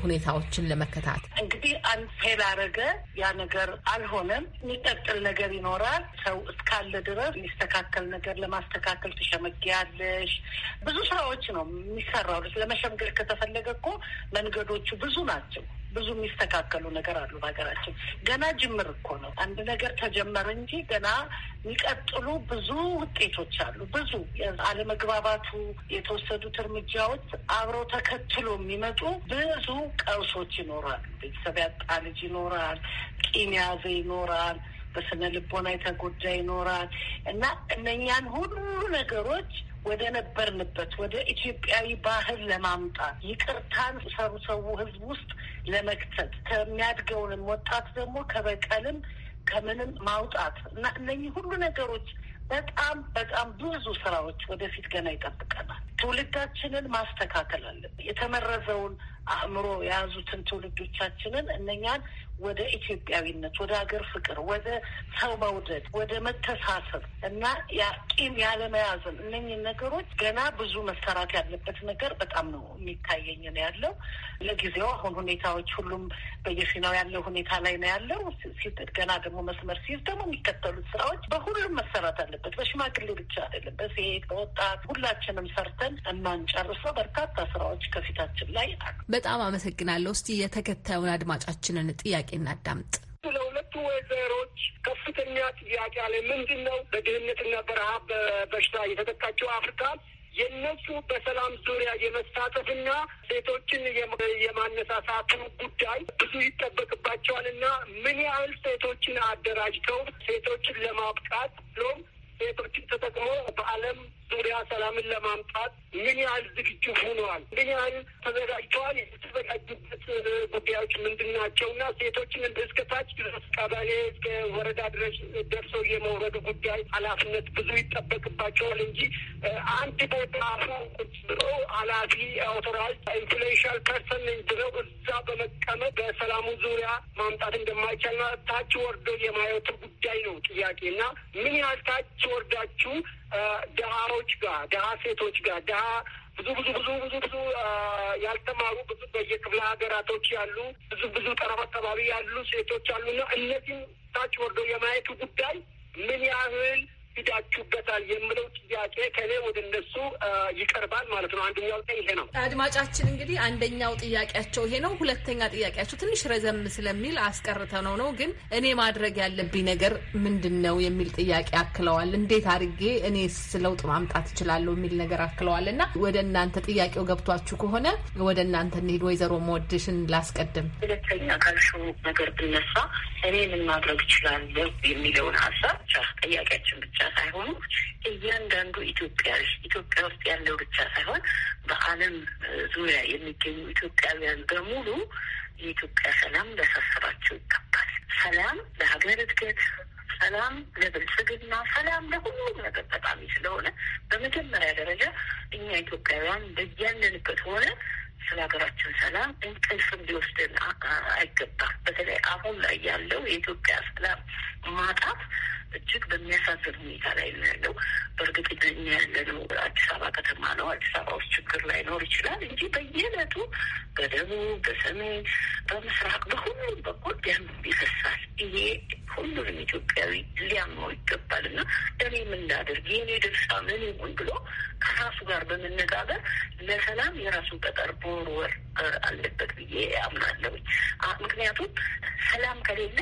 ሁኔታዎችን ለመከታተል እንግዲህ አንድ ፌል አረገ ያ ነገር አልሆነም፣ የሚቀጥል ነገር ይኖራል። ሰው እስካለ ድረስ የሚስተካከል ነገር ለማስተካከል ትሸመጊያለሽ። ብዙ ስራዎች ነው የሚሰራው። ለመሸምገል ከተፈለገ እኮ መንገዶቹ ብዙ ናቸው። ብዙ የሚስተካከሉ ነገር አሉ። በሀገራችን ገና ጅምር እኮ ነው። አንድ ነገር ተጀመረ እንጂ ገና የሚቀጥሉ ብዙ ውጤቶች አሉ። ብዙ አለመግባባቱ፣ የተወሰዱት እርምጃዎች አብረው ተከትሎ የሚመጡ ብዙ ቀውሶች ይኖራሉ። ቤተሰብ ያጣ ልጅ ይኖራል። ቂም ያዘ ይኖራል። በስነ ልቦና የተጎዳ ይኖራል እና እነኛን ሁሉ ነገሮች ወደ ነበርንበት ወደ ኢትዮጵያዊ ባህል ለማምጣት ይቅርታን ሰሩ ሰው ህዝብ ውስጥ ለመክተት ከሚያድገውንም ወጣት ደግሞ ከበቀልም ከምንም ማውጣት እና እነኚህ ሁሉ ነገሮች በጣም በጣም ብዙ ስራዎች ወደፊት ገና ይጠብቀናል። ትውልዳችንን ማስተካከል አለን። የተመረዘውን አእምሮ የያዙትን ትውልዶቻችንን እነኛን ወደ ኢትዮጵያዊነት፣ ወደ ሀገር ፍቅር፣ ወደ ሰው መውደድ፣ ወደ መተሳሰብ እና ቂም ያለመያዝን እነኝህ ነገሮች ገና ብዙ መሰራት ያለበት ነገር በጣም ነው የሚታየኝ ነው ያለው። ለጊዜው አሁን ሁኔታዎች ሁሉም በየፊናው ያለው ሁኔታ ላይ ነው ያለው። ገና ደግሞ መስመር ሲይዝ ደግሞ የሚከተሉት ስራዎች በሁሉም መሰራት አለበት። በሽማግሌ ብቻ አይደለም፣ በሴት በወጣት ሁላችንም ሰርተን የማንጨርሰው በርካታ ስራዎች ከፊታችን ላይ አሉ። በጣም አመሰግናለሁ። እስቲ የተከታዩን አድማጫችንን ጥያቄ ጥያቄ እናዳምጥ። ለሁለቱ ወይዘሮች ከፍተኛ ጥያቄ አለ። ምንድን ነው በድህነትና በረሃብ በበሽታ የተጠቃቸው አፍሪካ የነሱ በሰላም ዙሪያ የመሳተፍና ሴቶችን የማነሳሳቱ ጉዳይ ብዙ ይጠበቅባቸዋልና ምን ያህል ሴቶችን አደራጅተው ሴቶችን ለማብቃት ብሎም ሴቶችን ተጠቅሞ በዓለም ዙሪያ ሰላምን ለማምጣት ምን ያህል ዝግጁ ሆነዋል? ምን ያህል ተዘጋጅተዋል? የተዘጋጁበት ጉዳዮች ምንድን ናቸው? እና ሴቶችን እስከ ታች ድረስ ቀበሌ እስከ ወረዳ ድረስ ደርሶ የመውረዱ ጉዳይ ኃላፊነት ብዙ ይጠበቅባቸዋል እንጂ አንድ ቦታ አፉ ቁጭ ብሎ ኃላፊ ኢንፍሉዌንሻል ፐርሰን ብለው እዛ በመቀመጥ በሰላሙ ዙሪያ ማምጣት እንደማይቻልና ታች ወርዶ የማየቱ ጉዳይ ነው ጥያቄ እና ምን ያህል ታች ወርዳችሁ ድሃዎች ጋር ድሃ ሴቶች ጋር ድሃ ብዙ ብዙ ብዙ ብዙ ብዙ ያልተማሩ ብዙ በየክፍለ ሀገራቶች ያሉ ብዙ ብዙ ጠረፍ አካባቢ ያሉ ሴቶች አሉና እነዚህም ታች ወርዶ የማየቱ ጉዳይ ምን ያህል ሂዳችሁበታል የምለው ጥያቄ ከኔ ወደ እነሱ ይቀርባል ማለት ነው። አንደኛው ይሄ ነው። አድማጫችን እንግዲህ አንደኛው ጥያቄያቸው ይሄ ነው። ሁለተኛ ጥያቄያቸው ትንሽ ረዘም ስለሚል አስቀርተነው ነው ነው ግን እኔ ማድረግ ያለብኝ ነገር ምንድን ነው የሚል ጥያቄ አክለዋል። እንዴት አድርጌ እኔስ ለውጥ ማምጣት እችላለሁ የሚል ነገር አክለዋል። እና ወደ እናንተ ጥያቄው ገብቷችሁ ከሆነ ወደ እናንተ እንሄድ። ወይዘሮ መወድሽን ላስቀድም። ሁለተኛ ካልሾ ነገር ብነሳ እኔ ምን ማድረግ እችላለሁ የሚለውን ሀሳብ ጥያቄያችን ብቻ ሳይሆኑ እያንዳንዱ ኢትዮጵያዊ ኢትዮጵያ ውስጥ ያለው ብቻ ሳይሆን በዓለም ዙሪያ የሚገኙ ኢትዮጵያውያን በሙሉ የኢትዮጵያ ሰላም ሊያሳስባቸው ይገባል። ሰላም ለሀገር እድገት፣ ሰላም ለብልጽግና፣ ሰላም ለሁሉም ነገር ጠቃሚ ስለሆነ በመጀመሪያ ደረጃ እኛ ኢትዮጵያውያን በያለንበት ሆነ ስለ ሀገራችን ሰላም እንቅልፍ ሊወስድን አይገባም። በተለይ አሁን ላይ ያለው የኢትዮጵያ ሰላም ማጣት እጅግ በሚያሳዝን ሁኔታ ላይ ነው ያለው። በእርግጥ እኛ ነው አዲስ አበባ ከተማ ነው። አዲስ አበባ ውስጥ ችግር ላይኖር ይችላል እንጂ በየዕለቱ በደቡብ፣ በሰሜን፣ በምስራቅ በሁሉም በኩል ደም ይፈሳል። ይሄ ሁሉንም ኢትዮጵያዊ ሊያምነው ይገባል እና እኔ የምናደርግ የኔ ድርሻ ምን ይሁን ብሎ ከራሱ ጋር በመነጋገር ለሰላም የራሱ ጠጠር መወርወር አለበት ብዬ አምናለሁ። ምክንያቱም ሰላም ከሌለ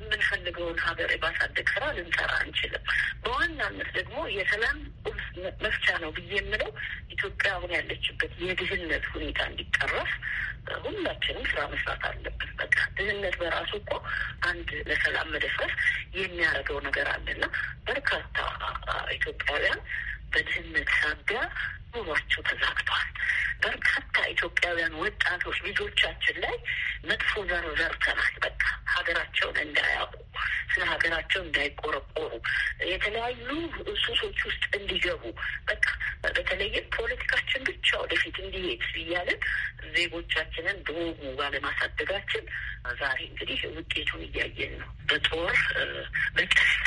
የምንፈልገውን ሀገር የማሳደግ ስራ ልንሰራ አንችልም። በዋናነት ደግሞ የሰላም ቁልፍ መፍቻ ነው ብዬ የምለው ኢትዮጵያ አሁን ያለችበት የድህነት ሁኔታ እንዲቀረፍ ሁላችንም ስራ መስራት አለብን። በቃ ድህነት በራሱ እኮ አንድ ለሰላም መደፍረስ የሚያደርገው ነገር አለና በርካታ ኢትዮጵያውያን በድህነት ሳቢያ ኑሯቸው ተዛግቷል። በርካታ ኢትዮጵያውያን ወጣቶች ልጆቻችን ላይ መጥፎ ዘር ዘርተናል። በቃ ሀገራቸውን እንዳያውቁ፣ ስለ ሀገራቸው እንዳይቆረቆሩ፣ የተለያዩ ሱሶች ውስጥ እንዲገቡ በቃ በተለይም ፖለቲካችን ብቻ ወደፊት እንዲሄድ እያለን ዜጎቻችንን በወጉ ባለማሳደጋችን ዛሬ እንግዲህ ውጤቱን እያየን ነው። በጦር በቀስት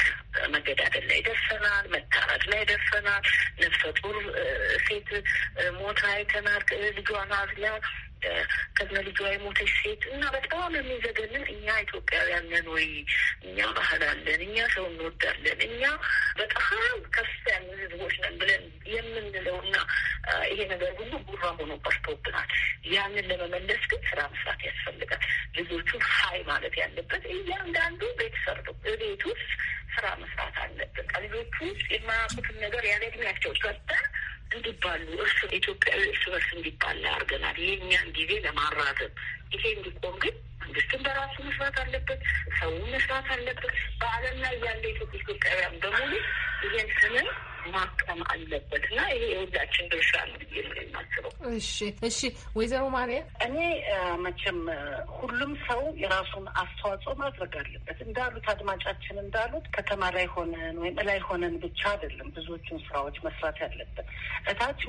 መገዳደል ላይ ደርሰናል። መታረድ ላይ ደርሰናል። ነፍሰ ጡር ሴት ሞታ አይተናል። ልጇን አዝላ ከዛ ልጇ የሞተች ሴት እና በጣም የሚዘገንን እኛ ኢትዮጵያውያን ነን ወይ? እኛ ባህል አለን፣ እኛ ሰው እንወዳለን፣ እኛ በጣም ከፍ ያሉ ህዝቦች ነን ብለን የምንለው እና ይሄ ነገር ሁሉ ጉራ ሆኖ ቀርቶብናል። ያንን ለመመለስ ግን ስራ መስራት ያስፈልጋል። ልጆቹን ሀይ ማለት ያለበት እያንዳንዱ ቤተሰብ ነው። እቤት ውስጥ ስራ መስራት አለብን። ከልጆቹ የማያውቁትን ነገር ያለ እድሜያቸው ሰርተን እንዲባሉ እርስ ኢትዮጵያዊ እርስ በርስ እንዲባላ አድርገናል። የእኛን ጊዜ ለማራዘም ይሄ እንዲቆም ግን መንግስትም በራሱ መስራት አለበት፣ ሰውም መስራት አለበት። በዓለም ላይ ያለ ኢትዮጵያውያን በሙሉ ይሄን ስምን ማቀም አለበት እና ይሄ የሁላችን ድርሻ ነው ብዬ ነው የማስበው። እሺ፣ እሺ ወይዘሮ ማርያ እኔ መቼም ሁሉም ሰው የራሱን አስተዋጽኦ ማድረግ አለበት እንዳሉት አድማጫችን እንዳሉት ከተማ ላይ ሆነን ወይም እላይ ሆነን ብቻ አይደለም ብዙዎቹን ስራዎች መስራት ያለብን፣ እታች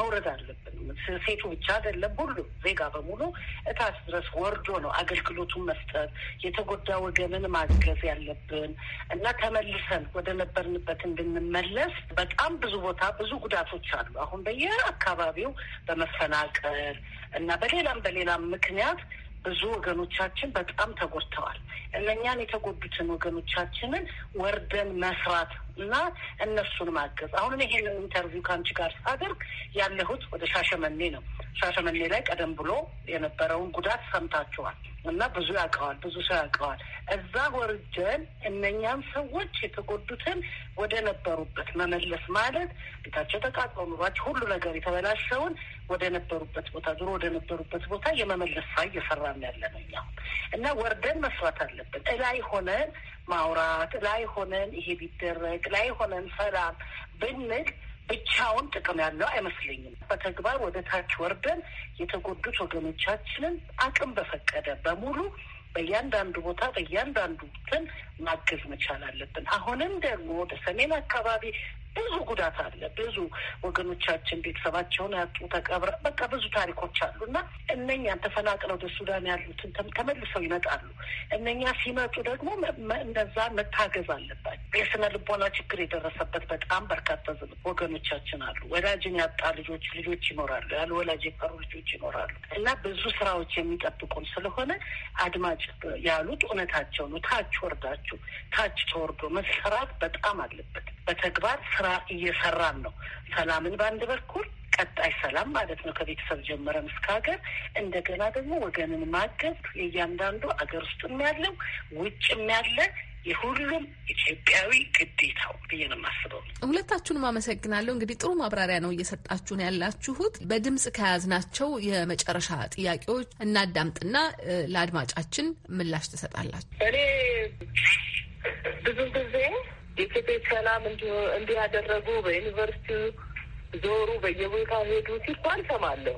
መውረድ አለብን። ሴቱ ብቻ አይደለም፣ ሁሉ ዜጋ በሙሉ እታች ድረስ ወርዶ ነው አገልግሎቱን መስጠት የተጎዳ ወገንን ማገዝ ያለብን እና ተመልሰን ወደ ነበርንበት እንድንመለስ በጣም ብዙ ቦታ ብዙ ጉዳቶች አሉ። አሁን በየአካባቢው በመፈናቀል እና በሌላም በሌላም ምክንያት ብዙ ወገኖቻችን በጣም ተጎድተዋል። እነኛን የተጎዱትን ወገኖቻችንን ወርደን መስራት እና እነሱን ማገዝ። አሁን ይሄንን ኢንተርቪው ከአንቺ ጋር ሳደርግ ያለሁት ወደ ሻሸመኔ ነው። ሻሸመኔ ላይ ቀደም ብሎ የነበረውን ጉዳት ሰምታችኋል። እና ብዙ ያውቀዋል፣ ብዙ ሰው ያውቀዋል። እዛ ወርጀን እነኛም ሰዎች የተጎዱትን ወደ ነበሩበት መመለስ ማለት ቤታቸው ተቃጥሎ ኑሯቸው ሁሉ ነገር የተበላሸውን ወደ ነበሩበት ቦታ ድሮ ወደ ነበሩበት ቦታ የመመለስ ሳይ እየሰራን ያለ ነው እና ወርደን መስራት አለብን። እላይ ሆነን ማውራት፣ እላይ ሆነን ይሄ ቢደረግ፣ እላይ ሆነን ሰላም ብንል ብቻውን ጥቅም ያለው አይመስለኝም። በተግባር ወደ ታች ወርደን የተጎዱት ወገኖቻችንን አቅም በፈቀደ በሙሉ በእያንዳንዱ ቦታ በእያንዳንዱ ትን ማገዝ መቻል አለብን። አሁንም ደግሞ ወደ ሰሜን አካባቢ ብዙ ጉዳት አለ። ብዙ ወገኖቻችን ቤተሰባቸውን ያጡ ተቀብረ በቃ ብዙ ታሪኮች አሉ እና እነኛን ተፈናቅለው ወደ ሱዳን ያሉትን ተመልሰው ይመጣሉ። እነኛ ሲመጡ ደግሞ እነዛ መታገዝ አለባቸው። የስነ ልቦና ችግር የደረሰበት በጣም በርካታ ወገኖቻችን አሉ። ወላጅን ያጣ ልጆች ልጆች ይኖራሉ። ያሉ ወላጅ የቀሩ ልጆች ይኖራሉ እና ብዙ ስራዎች የሚጠብቁን ስለሆነ አድማጭ ያሉት እውነታቸው ነው። ታች ወርዳችሁ ታች ተወርዶ መሰራት በጣም አለበት በተግባር ስራ ስራ እየሰራን ነው። ሰላምን በአንድ በኩል ቀጣይ ሰላም ማለት ነው። ከቤተሰብ ጀምረን እስከ ሀገር እንደገና ደግሞ ወገንን ማገዝ የእያንዳንዱ አገር ውስጥም ያለው ውጭም ያለ የሁሉም ኢትዮጵያዊ ግዴታው ብዬ ነው የማስበው። ሁለታችሁንም አመሰግናለሁ። እንግዲህ ጥሩ ማብራሪያ ነው እየሰጣችሁን ያላችሁት። በድምጽ ከያዝናቸው የመጨረሻ ጥያቄዎች እናዳምጥና ለአድማጫችን ምላሽ ትሰጣላችሁ። እኔ ብዙ ጊዜ የሴቶች ሰላም እንዲያደረጉ በዩኒቨርሲቲው ዞሩ በየቦታ ሄዱ ሲባል ሰማለሁ።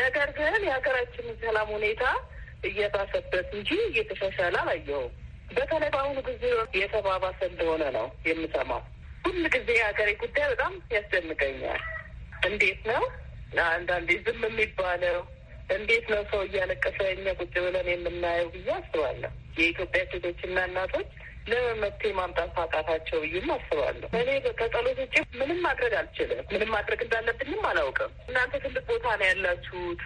ነገር ግን የሀገራችንን ሰላም ሁኔታ እየባሰበት እንጂ እየተሻሻለ አላየሁም። በተለይ በአሁኑ ጊዜ የተባባሰ እንደሆነ ነው የምሰማው። ሁል ጊዜ የሀገሬ ጉዳይ በጣም ያስደንቀኛል። እንዴት ነው አንዳንዴ ዝም የሚባለው? እንዴት ነው ሰው እያለቀሰ እኛ ቁጭ ብለን የምናየው ብዬ አስባለሁ። የኢትዮጵያ ሴቶችና እናቶች ለምን መፍትሄ ማምጣት ታቃታቸው ብዬም አስባለሁ። እኔ ከጸሎት ውጭ ምንም ማድረግ አልችልም። ምንም ማድረግ እንዳለብንም አላውቅም። እናንተ ትልቅ ቦታ ነው ያላችሁት፣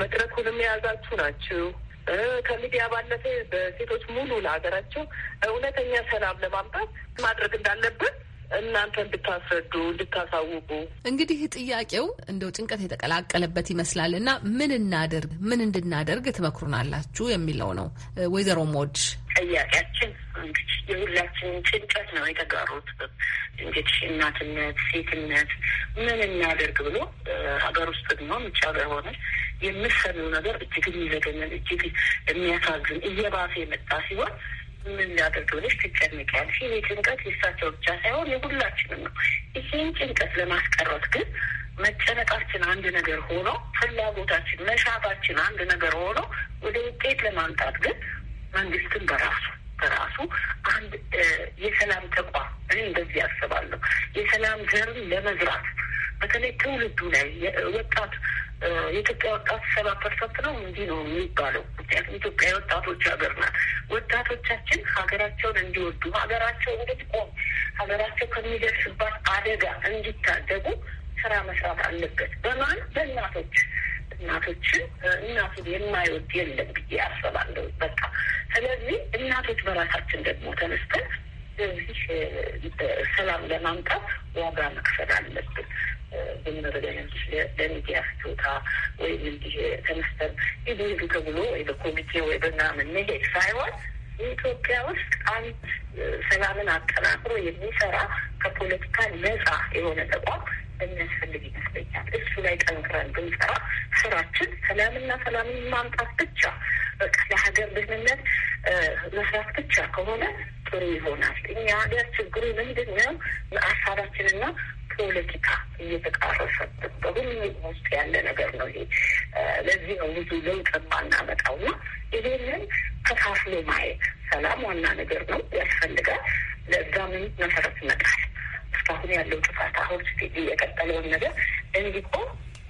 መድረኩንም የያዛችሁ ናችሁ። ከሚዲያ ባለፈ በሴቶች ሙሉ ለሀገራቸው እውነተኛ ሰላም ለማምጣት ማድረግ እንዳለብን እናንተ እንድታስረዱ እንድታሳውቁ። እንግዲህ ጥያቄው እንደው ጭንቀት የተቀላቀለበት ይመስላል እና ምን እናደርግ ምን እንድናደርግ ትመክሩናላችሁ የሚለው ነው። ወይዘሮ ሞድ ጥያቄያችን እንግዲህ የሁላችንም ጭንቀት ነው የተጋሩት። እንግዲህ እናትነት፣ ሴትነት ምን እናደርግ ብሎ ሀገር ውስጥ ነው ምጫ ሆነ የምሰሚው ነገር እጅግ የሚዘገነን እጅግ የሚያሳዝን እየባሰ የመጣ ሲሆን ምን ላድርግ ብለሽ ትጨንቂያለሽ። ይህ ጭንቀት የእሳቸው ብቻ ሳይሆን የሁላችንም ነው። ይህን ጭንቀት ለማስቀረት ግን መጨነቃችን አንድ ነገር ሆኖ፣ ፍላጎታችን መሻታችን አንድ ነገር ሆኖ ወደ ውጤት ለማምጣት ግን መንግስትን በራሱ በራሱ አንድ የሰላም ተቋም እኔ እንደዚህ ያስባለሁ የሰላም ዘርን ለመዝራት በተለይ ትውልዱ ላይ ወጣት የኢትዮጵያ ወጣት ሰባ ፐርሰንት ነው እንዲህ ነው የሚባለው። ምክንያቱም ኢትዮጵያ የወጣቶች ሀገር ናት። ወጣቶቻችን ሀገራቸውን እንዲወዱ፣ ሀገራቸው እንድትቆም፣ ሀገራቸው ከሚደርስባት አደጋ እንዲታደጉ ስራ መስራት አለበት። በማን በእናቶች እናቶችን እናቱን የማይወድ የለም ብዬ አስባለሁ። በቃ ስለዚህ እናቶች በራሳችን ደግሞ ተነስተን እዚህ ሰላም ለማምጣት ዋጋ መክፈል አለብን። በሚመረዳያች ለሚዲያ ፍጆታ ወይም እንዲህ ተመስጠን ይሄዱ ተብሎ ወይ በኮሚቴ ወይ በምናምን መሄድ ሳይሆን የኢትዮጵያ ውስጥ አንድ ሰላምን አጠናክሮ የሚሰራ ከፖለቲካ ነጻ የሆነ ተቋም የሚያስፈልግ ይመስለኛል። እሱ ላይ ጠንክረን ብንሰራ ስራችን ሰላምና ሰላምን ማምጣት ብቻ በቃ ለሀገር ደህንነት መስራት ብቻ ከሆነ ጥሩ ይሆናል። እኛ ሀገር ችግሩ ምንድን ነው? ሀሳባችንና ፖለቲካ እየተቃረሰ በሁሉም ውስጥ ያለ ነገር ነው ይሄ። ለዚህ ነው ብዙ ለውጥ የማናመጣው እና ይሄንን ከፋፍሎ ማየት ሰላም ዋና ነገር ነው ያስፈልጋል። ለዛምን መሰረት ይመጣል እስካሁን ያለው ጥፋት አሁን እየቀጠለውን ነገር እንዲቆም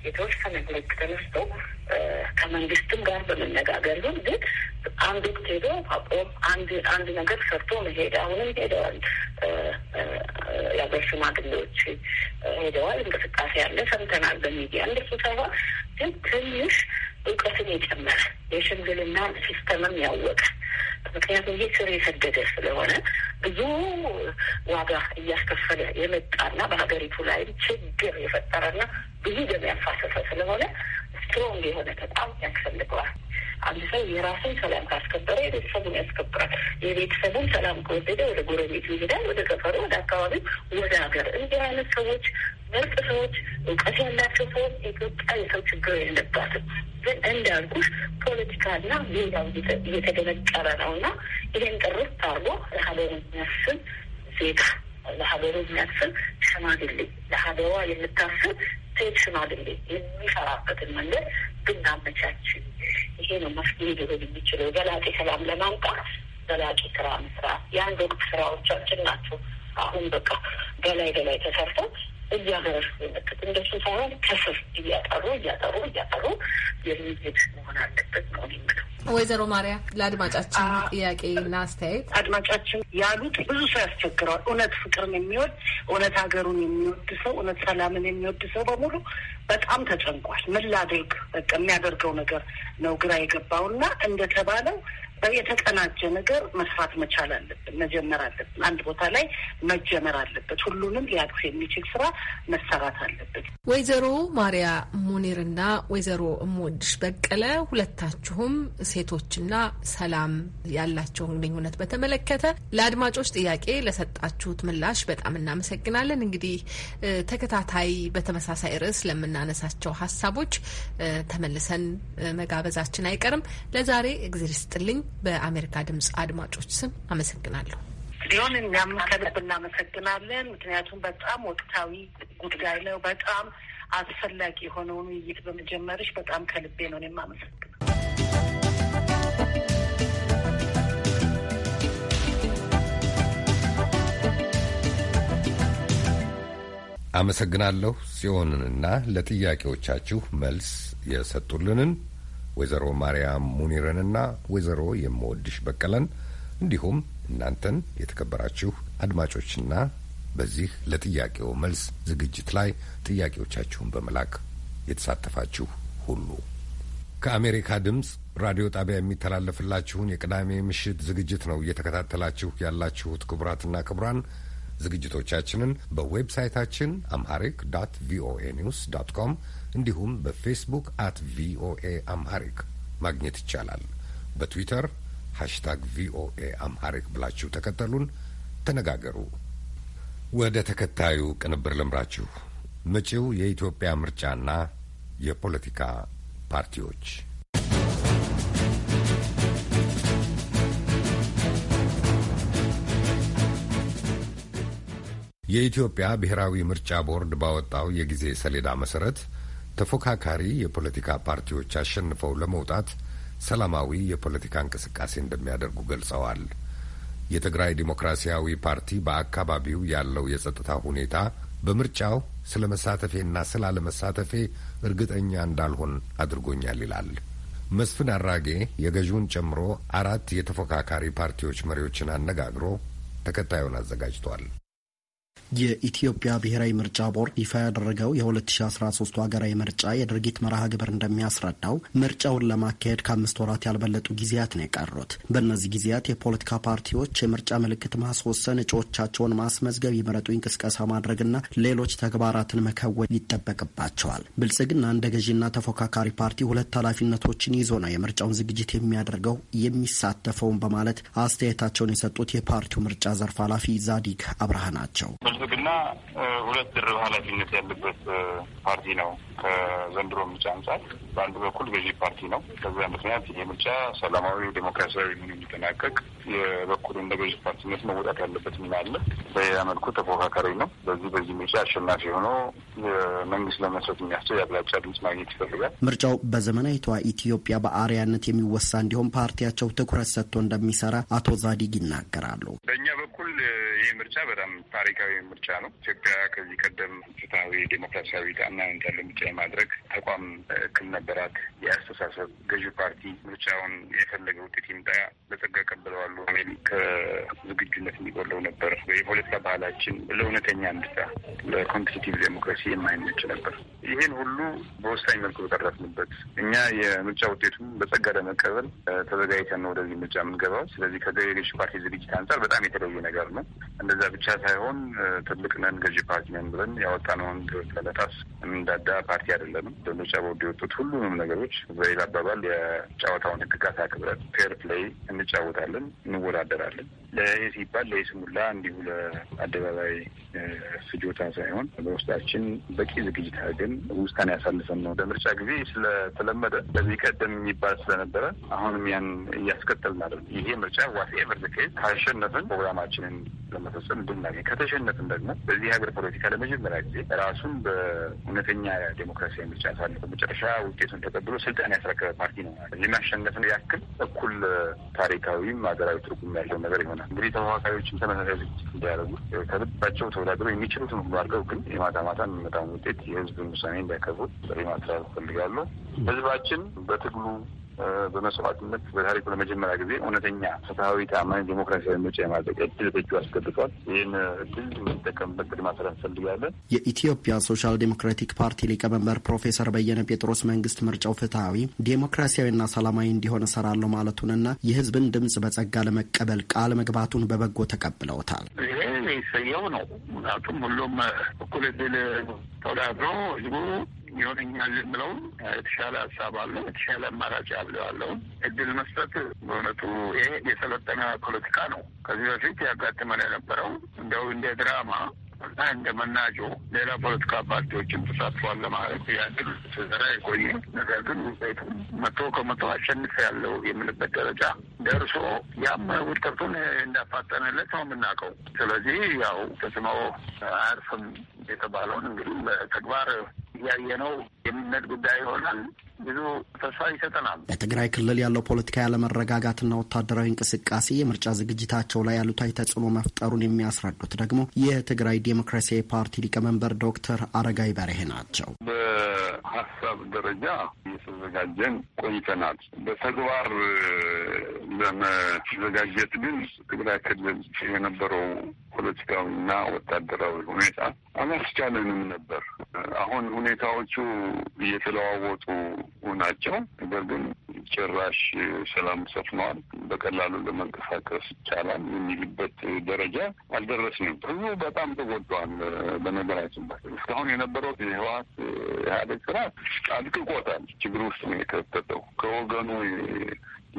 የተወሰነ ብሎክ ተነስቶ ከመንግስትም ጋር በመነጋገር ግን ግን አንድ ወቅት ሄዶ አቆም አንድ አንድ ነገር ሰርቶ መሄድ አሁንም ሄደዋል። የአገር ሽማግሌዎች ሄደዋል። እንቅስቃሴ ያለ ሰምተናል በሚዲያ እንደሱ ሰባ ግን ትንሽ እውቀትን የጨመረ የሽምግልና ሲስተምም ያወቀ ምክንያቱም ይህ ስር የሰደደ ስለሆነ ብዙ ዋጋ እያስከፈለ የመጣና በሀገሪቱ ላይም ችግር የፈጠረና ብዙ ደም ያፋሰሰ ስለሆነ ስትሮንግ የሆነ ተቋም ያስፈልገዋል። አንድ ሰው የራሱን ሰላም ካስከበረ የቤተሰቡን ያስከብራል። የቤተሰቡን ሰላም ከወደደ ወደ ጎረቤቱ ይሄዳል፣ ወደ ገፈሩ፣ ወደ አካባቢው፣ ወደ ሀገር። እንዲህ አይነት ሰዎች ምርጥ ሰዎች፣ እውቀት ያላቸው ሰዎች ኢትዮጵያ የሰው ችግር የለባትም። ግን እንዳልኩሽ ፖለቲካና ሌላው እየተደነቀረ ነው እና ይሄን ጥርት አርጎ ለሀገሩ የሚያስብ ዜጋ፣ ለሀገሩ የሚያስብ ሽማግሌ፣ ለሀገሯ የምታስብ ሴት ሽማግሌ የሚሰራበትን መንገድ ብናመቻች ይሄ ነው መፍትሄ ሊሆን የሚችለው። ዘላቂ ሰላም ለማምጣት ዘላቂ ስራ መስራት የአንድ ወቅት ስራዎቻችን ናቸው። አሁን በቃ በላይ በላይ ተሰርተው እያበረሱ የመጡት እንደሱ ሳይሆን ከስር እያጠሩ እያጠሩ እያጠሩ የሚሄድ መሆን አለበት ነው የምለው። ወይዘሮ ማርያም ለአድማጫችን ጥያቄና አስተያየት አድማጫችን ያሉት ብዙ ሰው ያስቸግረዋል። እውነት ፍቅርን የሚወድ እውነት ሀገሩን የሚወድ ሰው እውነት ሰላምን የሚወድ ሰው በሙሉ በጣም ተጨንቋል። ምን ላድርግ በቃ የሚያደርገው ነገር ነው ግራ የገባውና እንደተባለው የተቀናጀ ነገር መስራት መቻል አለብን፣ መጀመር አለብን። አንድ ቦታ ላይ መጀመር አለበት። ሁሉንም ሊያቅፍ የሚችል ስራ መሰራት አለበት። ወይዘሮ ማሪያ ሙኒርና ወይዘሮ ሞድሽ በቀለ ሁለታችሁም ሴቶችና ሰላም ያላቸውን ግንኙነት በተመለከተ ለአድማጮች ጥያቄ ለሰጣችሁት ምላሽ በጣም እናመሰግናለን። እንግዲህ ተከታታይ በተመሳሳይ ርዕስ ለምናነሳቸው ሀሳቦች ተመልሰን መጋበዛችን አይቀርም። ለዛሬ እግዜር ይስጥልኝ። በአሜሪካ ድምጽ አድማጮች ስም አመሰግናለሁ። ሊሆን እኛም ከልብ እናመሰግናለን። ምክንያቱም በጣም ወቅታዊ ጉዳይ ነው። በጣም አስፈላጊ የሆነውን ውይይት በመጀመርሽ በጣም ከልቤ ነው የማመሰግነው። አመሰግናለሁ ጽዮንንና ለጥያቄዎቻችሁ መልስ የሰጡልንን ወይዘሮ ማርያም ሙኒረንና ወይዘሮ የምወድሽ በቀለን እንዲሁም እናንተን የተከበራችሁ አድማጮችና በዚህ ለጥያቄው መልስ ዝግጅት ላይ ጥያቄዎቻችሁን በመላክ የተሳተፋችሁ ሁሉ ከአሜሪካ ድምፅ ራዲዮ ጣቢያ የሚተላለፍላችሁን የቅዳሜ ምሽት ዝግጅት ነው እየተከታተላችሁ ያላችሁት። ክቡራትና ክቡራን ዝግጅቶቻችንን በዌብሳይታችን አምሃሪክ ዶት ቪኦኤ ኒውስ ዶት ኮም እንዲሁም በፌስቡክ አት ቪኦኤ አምሃሪክ ማግኘት ይቻላል። በትዊተር ሃሽታግ ቪኦኤ አምሃሪክ ብላችሁ ተከተሉን፣ ተነጋገሩ። ወደ ተከታዩ ቅንብር ልምራችሁ። መጪው የኢትዮጵያ ምርጫና የፖለቲካ ፓርቲዎች የኢትዮጵያ ብሔራዊ ምርጫ ቦርድ ባወጣው የጊዜ ሰሌዳ መሰረት ተፎካካሪ የፖለቲካ ፓርቲዎች አሸንፈው ለመውጣት ሰላማዊ የፖለቲካ እንቅስቃሴ እንደሚያደርጉ ገልጸዋል። የትግራይ ዲሞክራሲያዊ ፓርቲ በአካባቢው ያለው የጸጥታ ሁኔታ በምርጫው ስለ መሳተፌና ስላለመሳተፌ እርግጠኛ እንዳልሆን አድርጎኛል ይላል። መስፍን አራጌ የገዢውን ጨምሮ አራት የተፎካካሪ ፓርቲዎች መሪዎችን አነጋግሮ ተከታዩን አዘጋጅቷል። የኢትዮጵያ ብሔራዊ ምርጫ ቦርድ ይፋ ያደረገው የ2013 ሀገራዊ ምርጫ የድርጊት መርሃ ግብር እንደሚያስረዳው ምርጫውን ለማካሄድ ከአምስት ወራት ያልበለጡ ጊዜያት ነው የቀሩት። በእነዚህ ጊዜያት የፖለቲካ ፓርቲዎች የምርጫ ምልክት ማስወሰን፣ እጩዎቻቸውን ማስመዝገብ፣ የምረጡኝ እንቅስቀሳ ማድረግና ሌሎች ተግባራትን መከወን ይጠበቅባቸዋል። ብልጽግና እንደ ገዢና ተፎካካሪ ፓርቲ ሁለት ኃላፊነቶችን ይዞ ነው የምርጫውን ዝግጅት የሚያደርገው የሚሳተፈውን በማለት አስተያየታቸውን የሰጡት የፓርቲው ምርጫ ዘርፍ ኃላፊ ዛዲግ አብርሃ ናቸው። ብልጽግና ሁለት ድርብ ኃላፊነት ያለበት ፓርቲ ነው ከዘንድሮ ምርጫ አንጻር በአንድ በኩል ገዢ ፓርቲ ነው። ከዚያ ምክንያት ምርጫ ሰላማዊ ዴሞክራሲያዊ ምን እንዲጠናቀቅ የበኩሉ እንደ ገዢ ፓርቲነት መወጣት ያለበት ሚና አለ። በያ መልኩ ተፎካካሪ ነው። በዚህ በዚህ ምርጫ አሸናፊ ሆኖ መንግስት ለመስረት የሚያስችል የአብላጫ ድምጽ ማግኘት ይፈልጋል። ምርጫው በዘመናዊቷ ኢትዮጵያ በአርያነት የሚወሳ እንዲሆን ፓርቲያቸው ትኩረት ሰጥቶ እንደሚሰራ አቶ ዛዲግ ይናገራሉ። በእኛ በኩል ይህ ምርጫ በጣም ታሪካዊ ምርጫ ነው። ኢትዮጵያ ከዚህ ቀደም ፍትሐዊ ዴሞክራሲያዊ ጣና ያለው ምርጫ የማድረግ ተቋም ክነ ነበራት። የአስተሳሰብ ገዢ ፓርቲ ምርጫውን የፈለገ ውጤት ይምጣ በጸጋ ቀብለዋሉ ሚል ከዝግጁነት የሚቆለው ነበር። የፖለቲካ ባህላችን ለእውነተኛ እንድታ ለኮምፒቲቲቭ ዴሞክራሲ የማይመች ነበር። ይህን ሁሉ በወሳኝ መልኩ በቀረፍንበት እኛ የምርጫ ውጤቱን በጸጋ ለመቀበል ተዘጋጅተን ነው ወደዚህ ምርጫ የምንገባው። ስለዚህ ከገዢ ፓርቲ ዝግጅት አንጻር በጣም የተለየ ነገር ነው። እንደዛ ብቻ ሳይሆን ትልቅ ነን ገዢ ፓርቲ ነን ብለን ያወጣነውን ለመጣስ የምንዳዳ ፓርቲ አይደለንም። በምርጫ ቦርድ የወጡት ሁሉ ሁሉንም ነገሮች በሌላ አባባል የጨዋታውን ህግጋት አክብረን ፌር ፕሌይ እንጫወታለን፣ እንወዳደራለን። ለይህ ሲባል ለይስሙላ እንዲሁ ለአደባባይ ፍጆታ ሳይሆን በውስጣችን በቂ ዝግጅት አድርገን ውስጣን ያሳልፈን ነው። በምርጫ ጊዜ ስለተለመደ በዚህ ቀደም የሚባል ስለነበረ አሁንም ያን እያስቀጠልን አለ። ይሄ ምርጫ ዋትኤቨር ዘኬዝ ካሸነፍን ፕሮግራማችንን ለመፈጸም እንድናገኝ፣ ከተሸነፍን ደግሞ በዚህ ሀገር ፖለቲካ ለመጀመሪያ ጊዜ ራሱን በእውነተኛ ዴሞክራሲያዊ ምርጫ አሳልፈ መጨረሻ ውጤ ውጤቱን ተቀብሎ ስልጣን ያስረከበ ፓርቲ ነው። የማሸነፍን ያክል እኩል ታሪካዊም ሀገራዊ ትርጉም ያለው ነገር ይሆናል። እንግዲህ ተፎካካሪዎችም ተመሳሳይ ዝግጅት እንዲያደርጉ ከልባቸው ተወዳድረው የሚችሉትን ሁሉ አድርገው ግን የማታ ማታ የሚመጣውን ውጤት የህዝብን ውሳኔ እንዲያከብሩ ጥሪ ማስተላለፍ ፈልጋለሁ። ህዝባችን በትግሉ በመስዋዕትነት በታሪኩ ለመጀመሪያ ጊዜ እውነተኛ ፍትሐዊ፣ ታማኝ ዲሞክራሲያዊ ምርጫ የማድረግ እድል በእጁ አስገብቷል። ይህን እድል የምንጠቀምበት ቅድማ ስራ እንፈልጋለን። የኢትዮጵያ ሶሻል ዴሞክራቲክ ፓርቲ ሊቀመንበር ፕሮፌሰር በየነ ጴጥሮስ መንግስት ምርጫው ፍትሐዊ፣ ዴሞክራሲያዊና ሰላማዊ እንዲሆን እሰራለሁ ማለቱንና የህዝብን ድምጽ በጸጋ ለመቀበል ቃል መግባቱን በበጎ ተቀብለውታል። ይሄ ይሰየው ነው። ምክንያቱም ሁሉም እኩል እድል ተወዳድሮ ህዝቡ ይሆነኛል የምለውም የተሻለ ሀሳብ አለው፣ የተሻለ አማራጭ አለው ያለውን እድል መስጠት በእውነቱ ይሄ የሰለጠነ ፖለቲካ ነው። ከዚህ በፊት ያጋጥመን የነበረው እንደው እንደ ድራማ እና እንደ መናጆ ሌላ ፖለቲካ ፓርቲዎችን ተሳትፏል ለማለት ያድል ስዘራ የቆየ ነገር ግን ውጤቱ መቶ ከመቶ አሸንፍ ያለው የምንበት ደረጃ ደርሶ ያም ውድቀቱን እንዳፋጠነለት ነው የምናውቀው። ስለዚህ ያው ተጽዕኖ አያርፍም የተባለውን እንግዲህ በተግባር እያየነው የሚነድ ጉዳይ ይሆናል። ብዙ ተስፋ ይሰጠናል። በትግራይ ክልል ያለው ፖለቲካዊ ያለመረጋጋትና ወታደራዊ እንቅስቃሴ የምርጫ ዝግጅታቸው ላይ ያሉታዊ ተጽዕኖ መፍጠሩን የሚያስረዱት ደግሞ የትግራይ ዴሞክራሲያዊ ፓርቲ ሊቀመንበር ዶክተር አረጋይ በርሄ ናቸው። በሀሳብ ደረጃ እየተዘጋጀን ቆይተናል። በተግባር ለመዘጋጀት ግን ትግራይ ክልል የነበረው ፖለቲካዊና ወታደራዊ ሁኔታ አላስቻለንም ነበር። አሁን ሁኔታዎቹ እየተለዋወጡ ናቸው። ነገር ግን ጭራሽ ሰላም ሰፍነዋል፣ በቀላሉ ለመንቀሳቀስ ይቻላል የሚልበት ደረጃ አልደረስንም። ብዙ በጣም ተጎድቷል። በነገራችን እስካሁን የነበረው የህወሓት የኢህአዴግ ስራ አድቅቆታል። ችግር ውስጥ ነው የከተተው ከወገኑ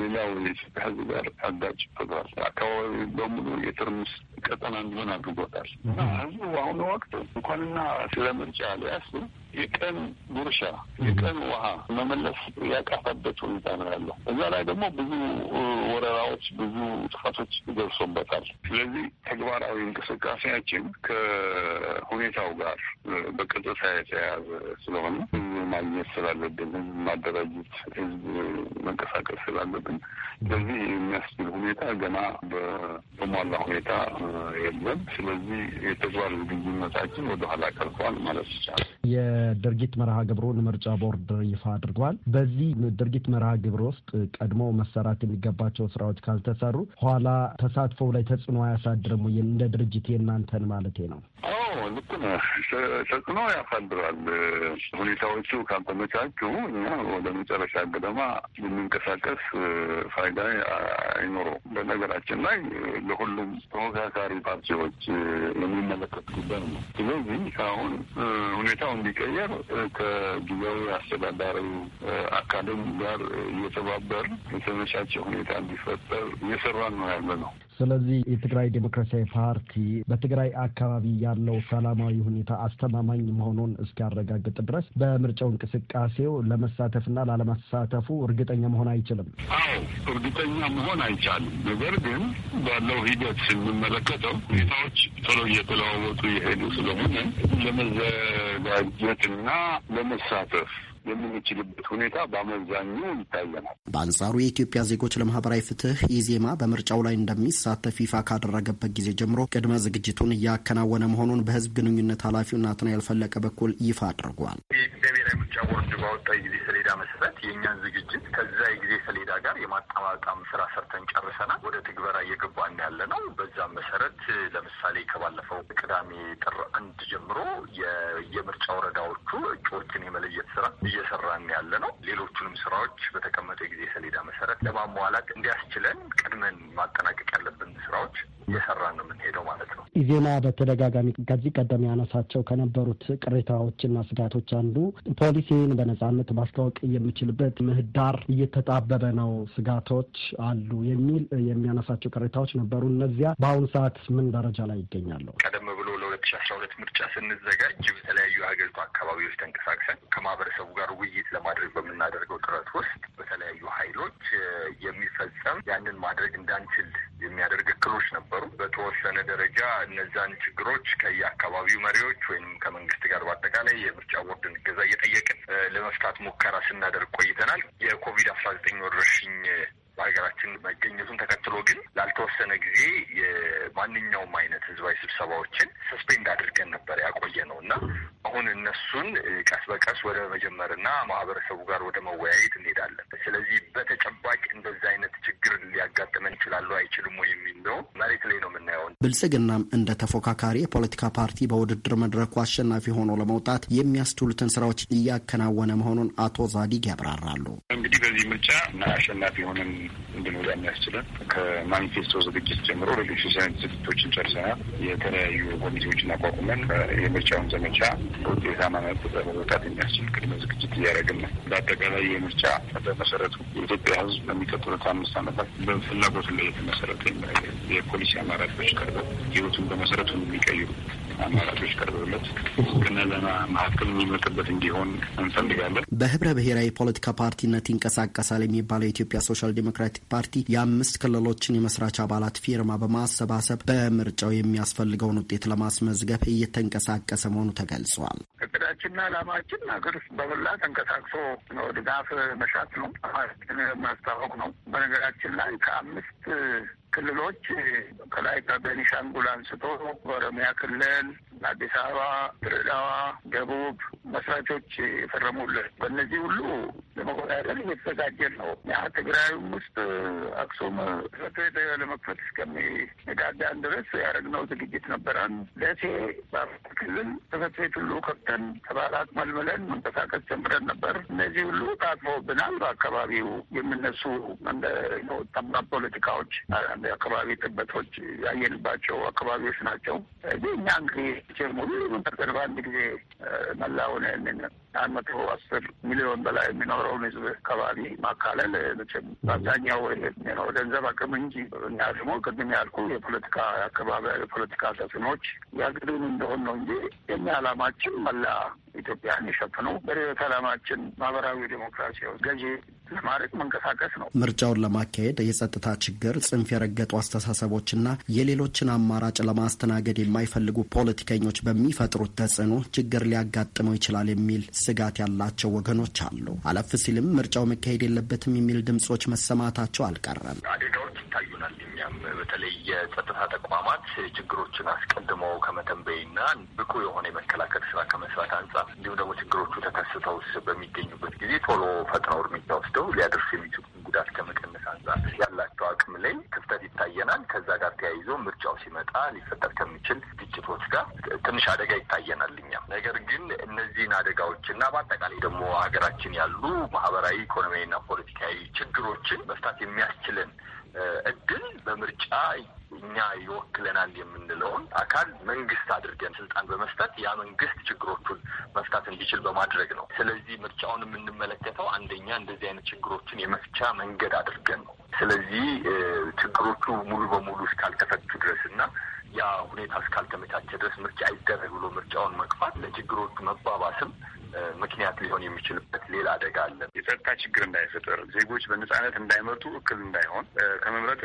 ሌላው የኢትዮጵያ ሕዝብ ጋር አጋጭቶታል። አካባቢ በሙሉ የትርምስ ቀጠና እንዲሆን አድርጎታል እና ሕዝቡ በአሁኑ ወቅት እንኳንና ስለ ምርጫ ሊያስብ የቀን ጉርሻ የቀን ውሃ መመለስ ያቃፈበት ሁኔታ ነው ያለው። እዛ ላይ ደግሞ ብዙ ወረራዎች፣ ብዙ ጥፋቶች ደርሶበታል። ስለዚህ ተግባራዊ እንቅስቃሴያችን ከሁኔታው ጋር በቀጥታ የተያያዘ ስለሆነ ህዝብ ማግኘት ስላለብን፣ ህዝብ ማደራጀት፣ ህዝብ መንቀሳቀስ ስላለብን አለብን። በዚህ የሚያስችል ሁኔታ ገና በተሟላ ሁኔታ የለም። ስለዚህ የተግባር ዝግጁነታችን ወደኋላ ቀርተዋል ማለት ይቻላል። የድርጊት መርሃ ግብሩን ምርጫ ቦርድ ይፋ አድርጓል። በዚህ ድርጊት መርሃ ግብር ውስጥ ቀድሞ መሰራት የሚገባቸው ስራዎች ካልተሰሩ ኋላ ተሳትፎው ላይ ተጽዕኖ አያሳድርም? እንደ ድርጅት የእናንተን ማለት ነው። ልክ ነው። ተጽዕኖ ያሳድራል። ሁኔታዎቹ ካልተመቻቹ እኛ ወደ መጨረሻ ገደማ የምንቀሳቀስ ፋይዳ አይኖረው በነገራችን ላይ ለሁሉም ተመካካሪ ፓርቲዎች የሚመለከት ጉዳይ ነው። ስለዚህ አሁን ሁኔታው እንዲቀየር ከጊዜያዊ አስተዳዳሪ አካደሚ ጋር እየተባበር የተመቻቸ ሁኔታ እንዲፈጠር እየሰራን ነው ያለ ነው። ስለዚህ የትግራይ ዴሞክራሲያዊ ፓርቲ በትግራይ አካባቢ ያለው ሰላማዊ ሁኔታ አስተማማኝ መሆኑን እስኪያረጋግጥ ድረስ በምርጫው እንቅስቃሴው ለመሳተፍና ላለመሳተፉ እርግጠኛ መሆን አይችልም። አዎ እርግጠኛ መሆን አይቻልም። ነገር ግን ባለው ሂደት ስንመለከተው ሁኔታዎች ቶሎ እየተለዋወጡ የሄዱ ስለሆነ ለመዘጋጀትና ለመሳተፍ የምንችልበት ሁኔታ በአመዛኙ ይታየናል። በአንጻሩ የኢትዮጵያ ዜጎች ለማህበራዊ ፍትህ ኢዜማ በምርጫው ላይ እንደሚሳተፍ ይፋ ካደረገበት ጊዜ ጀምሮ ቅድመ ዝግጅቱን እያከናወነ መሆኑን በህዝብ ግንኙነት ኃላፊው ናትናኤል ፈለቀ በኩል ይፋ አድርጓል። የኢትዮጵያ ብሔራዊ ምርጫ ቦርድ ባወጣው የጊዜ ሰሌዳ መሰረት የእኛን ዝግጅት ከዛ የጊዜ ሰሌዳ ጋር የማጣማጣም ስራ ሰርተን ጨርሰናል። ወደ ትግበራ እየገባን ያለ ነው። በዛም መሰረት ለምሳሌ ከባለፈው ቅዳሜ ጥር አንድ ጀምሮ የምርጫ ወረዳዎቹ እጩዎችን የመለየት ስራ እየሰራን ያለ ነው። ሌሎቹንም ስራዎች በተቀመጠ ጊዜ ሰሌዳ መሰረት ለማሟላት እንዲያስችለን ቅድመን ማጠናቀቅ ያለብን ስራዎች እየሰራን ነው የምንሄደው ማለት ነው። ኢዜማ በተደጋጋሚ ከዚህ ቀደም ያነሳቸው ከነበሩት ቅሬታዎችና ስጋቶች አንዱ ፖሊሲን በነጻነት ማስታወቅ የምችልበት ምህዳር እየተጣበበ ነው፣ ስጋቶች አሉ የሚል የሚያነሳቸው ቅሬታዎች ነበሩ። እነዚያ በአሁኑ ሰዓት ምን ደረጃ ላይ ይገኛሉ? ቀደም ብሎ ለሁለት ሺ አስራ ሁለት ምርጫ ስንዘጋጅ በተለያዩ የሀገሪቱ አካባቢዎች ተንቀሳቅሰን ከማህበረሰቡ ጋር ውይይት ለማድረግ በምናደርገው ጥረት ውስጥ በተለያዩ ሀይሎች የሚፈጸም ያንን ማድረግ እንዳንችል የሚያደርግ እክሎች ነበሩ። በተወሰነ ደረጃ እነዛን ችግሮች ከየአካባቢው መሪዎች ወይም ከመንግስት ጋር በአጠቃላይ የምርጫ ቦርድ እገዛ እየጠየቅን ለመፍታት ሙከራ ስናደርግ ቆይተናል። የኮቪድ አስራ ዘጠኝ ወረርሽኝ በሀገራችን መገኘቱን ተከትሎ ግን ላልተወሰነ ጊዜ የማንኛውም አይነት ህዝባዊ ስብሰባዎችን ሰስፔንድ አድርገን ነበር ያቆየ ነው እና አሁን እነሱን ቀስ በቀስ ወደ መጀመርና ማህበረሰቡ ጋር ወደ መወያየት እንሄዳለን። ስለዚህ በተጨባጭ እንደዚህ አይነት ችግር ሊያጋጥመን ይችላሉ አይችልም ወይም እንደውም መሬት ላይ ነው የምናየው። ብልጽግናም እንደ ተፎካካሪ የፖለቲካ ፓርቲ በውድድር መድረኩ አሸናፊ ሆኖ ለመውጣት የሚያስችሉትን ስራዎች እያከናወነ መሆኑን አቶ ዛዲግ ያብራራሉ። እንግዲህ በዚህ ምርጫ እና አሸናፊ ሆነን እንድንወጣ የሚያስችለን ከማኒፌስቶ ዝግጅት ጀምሮ ሌሎች ሳይነት ዝግጅቶችን ጨርሰናል። የተለያዩ ኮሚቴዎችን አቋቁመን የምርጫውን ዘመቻ ውጤታማ ለመውጣት የሚያስችል ቅድመ ዝግጅት እያደረግን ነው። በአጠቃላይ የምርጫ በመሰረቱ የኢትዮጵያ ሕዝብ በሚቀጥሉት አምስት ዓመታት በፍላጎት ላይ የተመሰረተ የፖሊሲ አማራጮች ቀርበው ህይወቱን በመሰረቱ የሚቀይሩ አማራጮች ቀርበውለት ከነዛ መካከል የሚመርጥበት እንዲሆን እንፈልጋለን። በህብረ ብሔራዊ ፖለቲካ ፓርቲነት ይንቀሳቀሳል የሚባለው የኢትዮጵያ ሶሻል ዴሞክራቲክ ፓርቲ የአምስት ክልሎችን የመስራች አባላት ፊርማ በማሰባሰብ በምርጫው የሚያስፈልገውን ውጤት ለማስመዝገብ እየተንቀሳቀሰ መሆኑ ተገልጿል። እቅዳችንና ዓላማችን ሀገር ውስጥ በመላ ተንቀሳቅሶ ድጋፍ መሻት ነው፣ ማስታወቅ ነው። በነገራችን ላይ ከአምስት ክልሎች ከላይ ከቤኒሻንጉል አንስቶ በኦሮሚያ ክልል፣ አዲስ አበባ፣ ድሬዳዋ፣ ደቡብ መስራቾች የፈረሙልን በእነዚህ ሁሉ ለመቆጣጠር እየተዘጋጀን ነው። ያ ትግራይም ውስጥ አክሱም ጽሕፈት ቤት ለመክፈት እስከሚነጋጋን ድረስ ያደረግነው ዝግጅት ነበረን። ደሴ በአማራ ክልል ጽሕፈት ቤት ሁሉ ከፍተን ተባላት መልመለን መንቀሳቀስ ጀምረን ነበር። እነዚህ ሁሉ ታጥፎብናል። በአካባቢው የምነሱ እንደ ጠባብ ፖለቲካዎች አካባቢ ጥበቶች ያየንባቸው አካባቢዎች ናቸው። እኛ እንግዲህ ሁሉም በአንድ ጊዜ መላውን አንድ መቶ አስር ሚሊዮን በላይ የሚኖረውን ህዝብ አካባቢ ማካለል መቼም በአብዛኛው ነው ገንዘብ አቅም እንጂ እኛ ደግሞ ቅድም ያልኩ የፖለቲካ አካባቢ የፖለቲካ ተጽዕኖች ያግዱን እንደሆን ነው እንጂ የኛ አላማችን መላ ኢትዮጵያን የሸፍነው በሪዮት አላማችን ማህበራዊ ዴሞክራሲያዊ ገዢ ለማድረግ መንቀሳቀስ ነው። ምርጫውን ለማካሄድ የጸጥታ ችግር፣ ጽንፍ የረገጡ አስተሳሰቦችና የሌሎችን አማራጭ ለማስተናገድ የማይፈልጉ ፖለቲከኞች በሚፈጥሩት ተጽዕኖ ችግር ሊያጋጥመው ይችላል የሚል ስጋት ያላቸው ወገኖች አሉ። አለፍ ሲልም ምርጫው መካሄድ የለበትም የሚል ድምጾች መሰማታቸው አልቀረም። አደጋዎች ይታዩናል። እኛም በተለይ የጸጥታ ተቋማት ችግሮችን አስቀድመው ከመተንበይና ብቁ የሆነ የመከላከል ስራ ከመስራት አንጻር እንዲሁም ደግሞ ችግሮቹ ተከስተው በሚገኙበት ጊዜ ቶሎ ፈጥነው እርምጃ ወስደው ሊያደርሱ የሚችሉ ጉዳት ከመቀነስ አንጻር ያላቸው አቅም ላይ ክፍተት ይታየናል። ከዛ ጋር ተያይዞ ምርጫው ሲመጣ ሊፈጠር ከሚችል ግጭቶች ጋር ትንሽ አደጋ ይታየናል እኛም። ነገር ግን እነዚህን አደጋዎች እና በአጠቃላይ ደግሞ ሀገራችን ያሉ ማህበራዊ፣ ኢኮኖሚያዊና ፖለቲካዊ ችግሮችን መፍታት የሚያስችለን እድል በምርጫ እኛ ይወክለናል የምንለውን አካል መንግስት አድርገን ስልጣን በመስጠት ያ መንግስት ችግሮቹን መፍታት እንዲችል በማድረግ ነው። ስለዚህ ምርጫውን የምንመለከተው አንደኛ እንደዚህ አይነት ችግሮችን የመፍቻ መንገድ አድርገን ነው። ስለዚህ ችግሮቹ ሙሉ በሙሉ እስካልተፈቱ ድረስ እና ያ ሁኔታ እስካልተመቻቸ ድረስ ምርጫ አይደረግ ብሎ ምርጫውን መግፋት ለችግሮቹ መባባስም ምክንያት ሊሆን የሚችልበት ሌላ አደጋ አለ። የጸጥታ ችግር እንዳይፈጠር፣ ዜጎች በነጻነት እንዳይመጡ፣ እክል እንዳይሆን፣ ከመምረጥ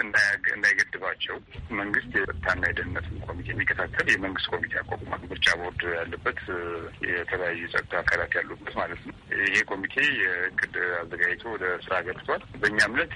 እንዳይገድባቸው መንግስት የጸጥታና የደህንነት ኮሚቴ የሚከታተል የመንግስት ኮሚቴ አቋቁሟል። ምርጫ ቦርድ ያለበት የተለያዩ የጸጥታ አካላት ያሉበት ማለት ነው። ይሄ ኮሚቴ የእቅድ አዘጋጅቶ ወደ ስራ ገብቷል። በእኛ እምነት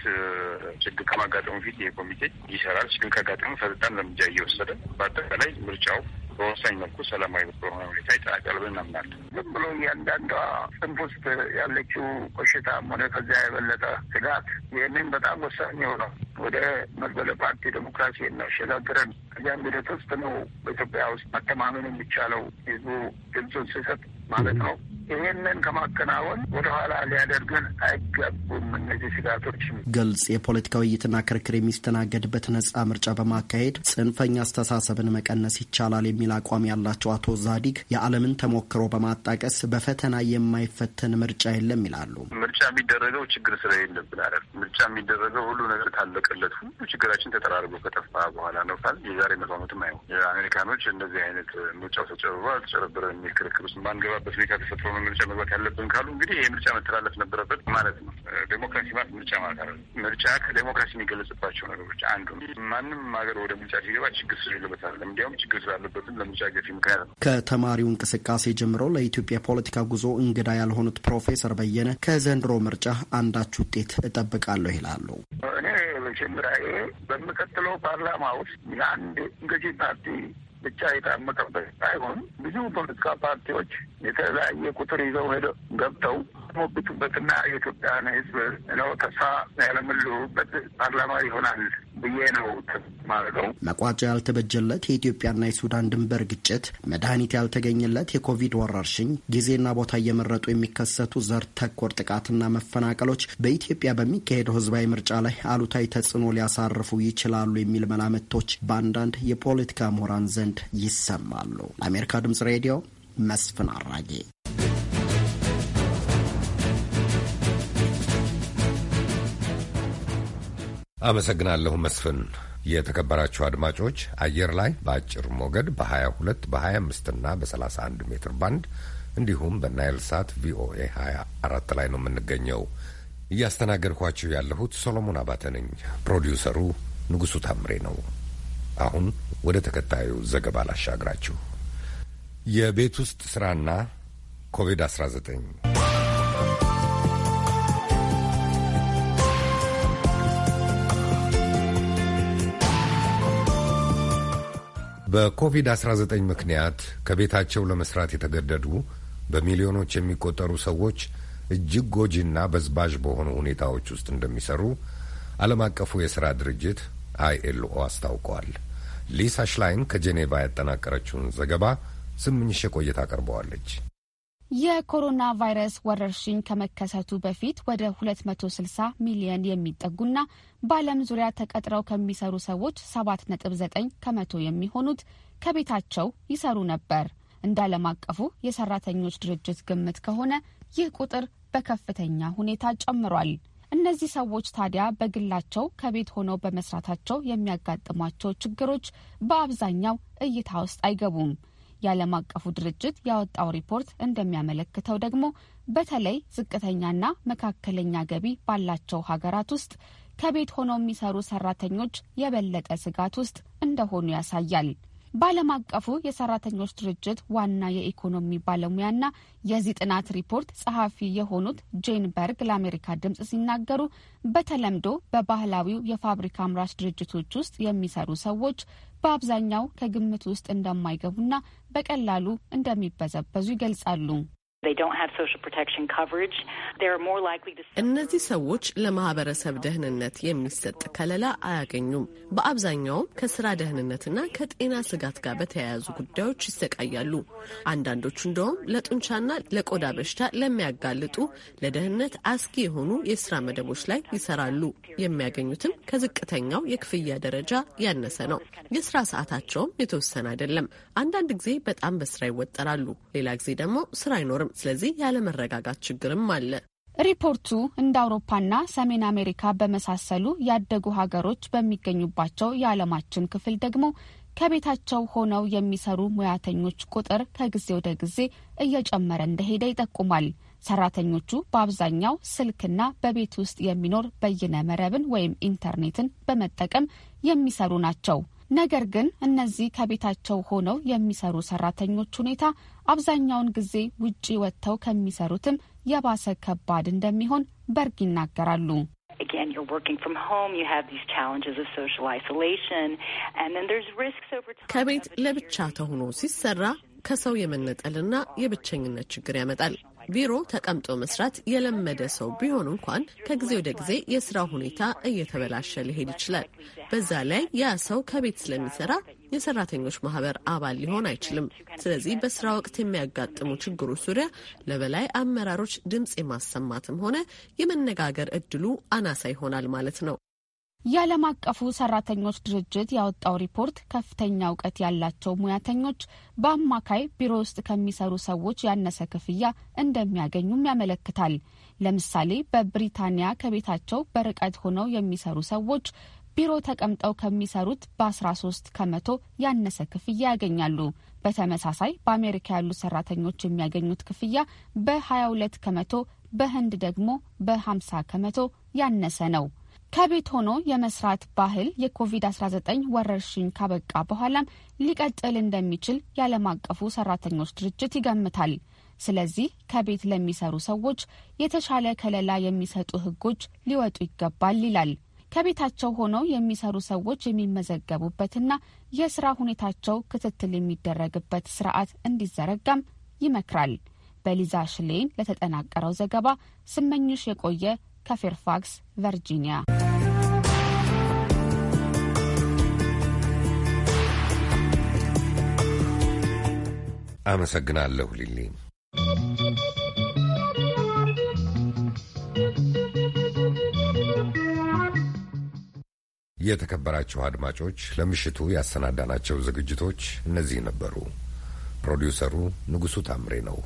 ችግር ከማጋጠሙ ፊት ይሄ ኮሚቴ ይሰራል። ችግር ካጋጠሙ ፈጣን እርምጃ እየወሰደ በአጠቃላይ ምርጫው በወሳኝ መልኩ ሰላማዊ በሆነ ሁኔታ ይጠናቀል ብለን እናምናለን። ዝም ብሎ እያንዳንዷ ጽንፍ ውስጥ ያለችው ቆሽታም ሆነ ከዚያ የበለጠ ስጋት ይህንን በጣም ወሳኝ የሆነው ወደ መድበለ ፓርቲ ዴሞክራሲ እናሸጋግረን ከዚያም ሂደት ውስጥ ነው በኢትዮጵያ ውስጥ መተማመን የሚቻለው ህዝቡ ድምፁን ሲሰጥ ማለት ነው። ይህንን ከማከናወን ወደኋላ ሊያደርገን አይገቡም። እነዚህ ስጋቶች ግልጽ የፖለቲካ ውይይትና ክርክር የሚስተናገድበት ነጻ ምርጫ በማካሄድ ጽንፈኛ አስተሳሰብን መቀነስ ይቻላል የሚል አቋም ያላቸው አቶ ዛዲግ የዓለምን ተሞክሮ በማጣቀስ በፈተና የማይፈተን ምርጫ የለም ይላሉ። ምርጫ የሚደረገው ችግር ስለሌለብን አይደል? ምርጫ የሚደረገው ሁሉ ነገር ታለቀለት፣ ሁሉ ችግራችን ተጠራርጎ ከጠፋ በኋላ ነው ካል የዛሬ መቶ ዓመትም አይሆን የአሜሪካኖች እንደዚህ አይነት ምርጫው ተጨብሯል ተጨረበረ የሚል ክርክር ውስጥ ማንገባበት ሁኔታ ተፈጥሮ ነው ምርጫ መግባት ያለብን ካሉ እንግዲህ ይሄ ምርጫ መተላለፍ ነበረበት ማለት ነው። ዴሞክራሲ ማለት ምርጫ ማለት አለ። ምርጫ ከዴሞክራሲ የሚገለጽባቸው ነገሮች አንዱ ነው። ማንም ሀገር ወደ ምርጫ ሲገባ ችግር ስለሌለበት እንዲያውም ችግር ስላለበትም ለምርጫ ገፊ ምክንያት ነው። ከተማሪው እንቅስቃሴ ጀምሮ ለኢትዮጵያ ፖለቲካ ጉዞ እንግዳ ያልሆኑት ፕሮፌሰር በየነ ከዘንድሮ ምርጫ አንዳች ውጤት እጠብቃለሁ ይላሉ። እኔ በምቀጥለው ፓርላማ ውስጥ የአንድ ገዢ ፓርቲ ብቻ የታመቀበት ሳይሆን ብዙ ፖለቲካ ፓርቲዎች የተለያየ ቁጥር ይዘው ሄደ ገብተው ሞብቱበትና የኢትዮጵያን ሕዝብ ነው ተስፋ ያለምልበት ፓርላማ ይሆናል ብዬ ነው ማለው። መቋጫ ያልተበጀለት የኢትዮጵያና የሱዳን ድንበር ግጭት፣ መድኃኒት ያልተገኘለት የኮቪድ ወረርሽኝ፣ ጊዜና ቦታ እየመረጡ የሚከሰቱ ዘር ተኮር ጥቃትና መፈናቀሎች በኢትዮጵያ በሚካሄደው ህዝባዊ ምርጫ ላይ አሉታዊ ተጽዕኖ ሊያሳርፉ ይችላሉ የሚል መላምቶች በአንዳንድ የፖለቲካ ምሁራን ዘንድ ዘንድ ይሰማሉ። ለአሜሪካ ድምጽ ሬዲዮ መስፍን አራጌ። አመሰግናለሁ መስፍን። የተከበራችሁ አድማጮች አየር ላይ በአጭር ሞገድ በ22 በ25 እና በ31 ሜትር ባንድ እንዲሁም በናይል ሳት ቪኦኤ 24 ላይ ነው የምንገኘው። እያስተናገድኳችሁ ያለሁት ሶሎሞን አባተ ነኝ። ፕሮዲውሰሩ ንጉሡ ታምሬ ነው። አሁን ወደ ተከታዩ ዘገባ ላሻግራችሁ። የቤት ውስጥ ስራና ኮቪድ-19 በኮቪድ-19 ምክንያት ከቤታቸው ለመስራት የተገደዱ በሚሊዮኖች የሚቆጠሩ ሰዎች እጅግ ጎጂና በዝባዥ በሆኑ ሁኔታዎች ውስጥ እንደሚሰሩ ዓለም አቀፉ የሥራ ድርጅት አይኤልኦ አስታውቀዋል። ሊሳ ሽላይን ከጄኔቫ ያጠናቀረችውን ዘገባ ስምኝሽ የቆየት አቀርበዋለች። የኮሮና ቫይረስ ወረርሽኝ ከመከሰቱ በፊት ወደ 260 ሚሊየን የሚጠጉና በዓለም ዙሪያ ተቀጥረው ከሚሰሩ ሰዎች 7.9 ከመቶ የሚሆኑት ከቤታቸው ይሰሩ ነበር። እንደ ዓለም አቀፉ የሰራተኞች ድርጅት ግምት ከሆነ ይህ ቁጥር በከፍተኛ ሁኔታ ጨምሯል። እነዚህ ሰዎች ታዲያ በግላቸው ከቤት ሆነው በመስራታቸው የሚያጋጥሟቸው ችግሮች በአብዛኛው እይታ ውስጥ አይገቡም። የዓለም አቀፉ ድርጅት ያወጣው ሪፖርት እንደሚያመለክተው ደግሞ በተለይ ዝቅተኛና መካከለኛ ገቢ ባላቸው ሀገራት ውስጥ ከቤት ሆነው የሚሰሩ ሰራተኞች የበለጠ ስጋት ውስጥ እንደሆኑ ያሳያል። በዓለም አቀፉ የሰራተኞች ድርጅት ዋና የኢኮኖሚ ባለሙያና የዚህ ጥናት ሪፖርት ጸሐፊ የሆኑት ጄን በርግ ለአሜሪካ ድምጽ ሲናገሩ በተለምዶ በባህላዊው የፋብሪካ አምራች ድርጅቶች ውስጥ የሚሰሩ ሰዎች በአብዛኛው ከግምት ውስጥ እንደማይገቡና በቀላሉ እንደሚበዘበዙ ይገልጻሉ። እነዚህ ሰዎች ለማህበረሰብ ደህንነት የሚሰጥ ከለላ አያገኙም። በአብዛኛውም ከስራ ደህንነትና ከጤና ስጋት ጋር በተያያዙ ጉዳዮች ይሰቃያሉ። አንዳንዶቹ እንደውም ለጡንቻና ለቆዳ በሽታ ለሚያጋልጡ ለደህንነት አስጊ የሆኑ የስራ መደቦች ላይ ይሰራሉ። የሚያገኙትም ከዝቅተኛው የክፍያ ደረጃ ያነሰ ነው። የስራ ሰዓታቸውም የተወሰነ አይደለም። አንዳንድ ጊዜ በጣም በስራ ይወጠራሉ፣ ሌላ ጊዜ ደግሞ ስራ አይኖርም። ስለዚህ ያለመረጋጋት ችግርም አለ። ሪፖርቱ እንደ አውሮፓና ሰሜን አሜሪካ በመሳሰሉ ያደጉ ሀገሮች በሚገኙባቸው የዓለማችን ክፍል ደግሞ ከቤታቸው ሆነው የሚሰሩ ሙያተኞች ቁጥር ከጊዜ ወደ ጊዜ እየጨመረ እንደሄደ ይጠቁማል። ሰራተኞቹ በአብዛኛው ስልክና በቤት ውስጥ የሚኖር በይነ መረብን ወይም ኢንተርኔትን በመጠቀም የሚሰሩ ናቸው። ነገር ግን እነዚህ ከቤታቸው ሆነው የሚሰሩ ሰራተኞች ሁኔታ አብዛኛውን ጊዜ ውጪ ወጥተው ከሚሰሩትም የባሰ ከባድ እንደሚሆን በርግ ይናገራሉ። ከቤት ለብቻ ተሆኖ ሲሰራ ከሰው የመነጠልና የብቸኝነት ችግር ያመጣል። ቢሮ ተቀምጦ መስራት የለመደ ሰው ቢሆን እንኳን ከጊዜ ወደ ጊዜ የስራ ሁኔታ እየተበላሸ ሊሄድ ይችላል። በዛ ላይ ያ ሰው ከቤት ስለሚሰራ የሰራተኞች ማህበር አባል ሊሆን አይችልም። ስለዚህ በስራ ወቅት የሚያጋጥሙ ችግሮች ዙሪያ ለበላይ አመራሮች ድምፅ የማሰማትም ሆነ የመነጋገር እድሉ አናሳ ይሆናል ማለት ነው። የዓለም አቀፉ ሰራተኞች ድርጅት ያወጣው ሪፖርት ከፍተኛ እውቀት ያላቸው ሙያተኞች በአማካይ ቢሮ ውስጥ ከሚሰሩ ሰዎች ያነሰ ክፍያ እንደሚያገኙም ያመለክታል። ለምሳሌ በብሪታንያ ከቤታቸው በርቀት ሆነው የሚሰሩ ሰዎች ቢሮ ተቀምጠው ከሚሰሩት በ13 ከመቶ ያነሰ ክፍያ ያገኛሉ። በተመሳሳይ በአሜሪካ ያሉ ሰራተኞች የሚያገኙት ክፍያ በ22 ከመቶ፣ በህንድ ደግሞ በ50 ከመቶ ያነሰ ነው። ከቤት ሆኖ የመስራት ባህል የኮቪድ-19 ወረርሽኝ ካበቃ በኋላም ሊቀጥል እንደሚችል የዓለም አቀፉ ሰራተኞች ድርጅት ይገምታል። ስለዚህ ከቤት ለሚሰሩ ሰዎች የተሻለ ከለላ የሚሰጡ ሕጎች ሊወጡ ይገባል ይላል። ከቤታቸው ሆነው የሚሰሩ ሰዎች የሚመዘገቡበትና የስራ ሁኔታቸው ክትትል የሚደረግበት ስርዓት እንዲዘረጋም ይመክራል። በሊዛ ሽሌን ለተጠናቀረው ዘገባ ስመኝሽ የቆየ ከፌርፋክስ ቨርጂኒያ። አመሰግናለሁ ሊሊ። የተከበራችሁ አድማጮች ለምሽቱ ያሰናዳናቸው ዝግጅቶች እነዚህ ነበሩ። ፕሮዲውሰሩ ንጉሡ ታምሬ ነው።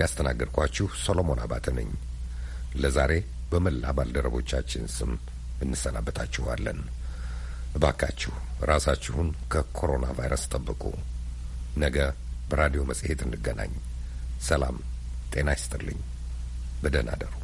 ያስተናገድኳችሁ ሰሎሞን አባተ ነኝ። ለዛሬ በመላ ባልደረቦቻችን ስም እንሰናበታችኋለን። እባካችሁ ራሳችሁን ከኮሮና ቫይረስ ጠብቁ። ነገ በራዲዮ መጽሔት እንገናኝ። ሰላም ጤና ይስጥልኝ። በደህና አደሩ።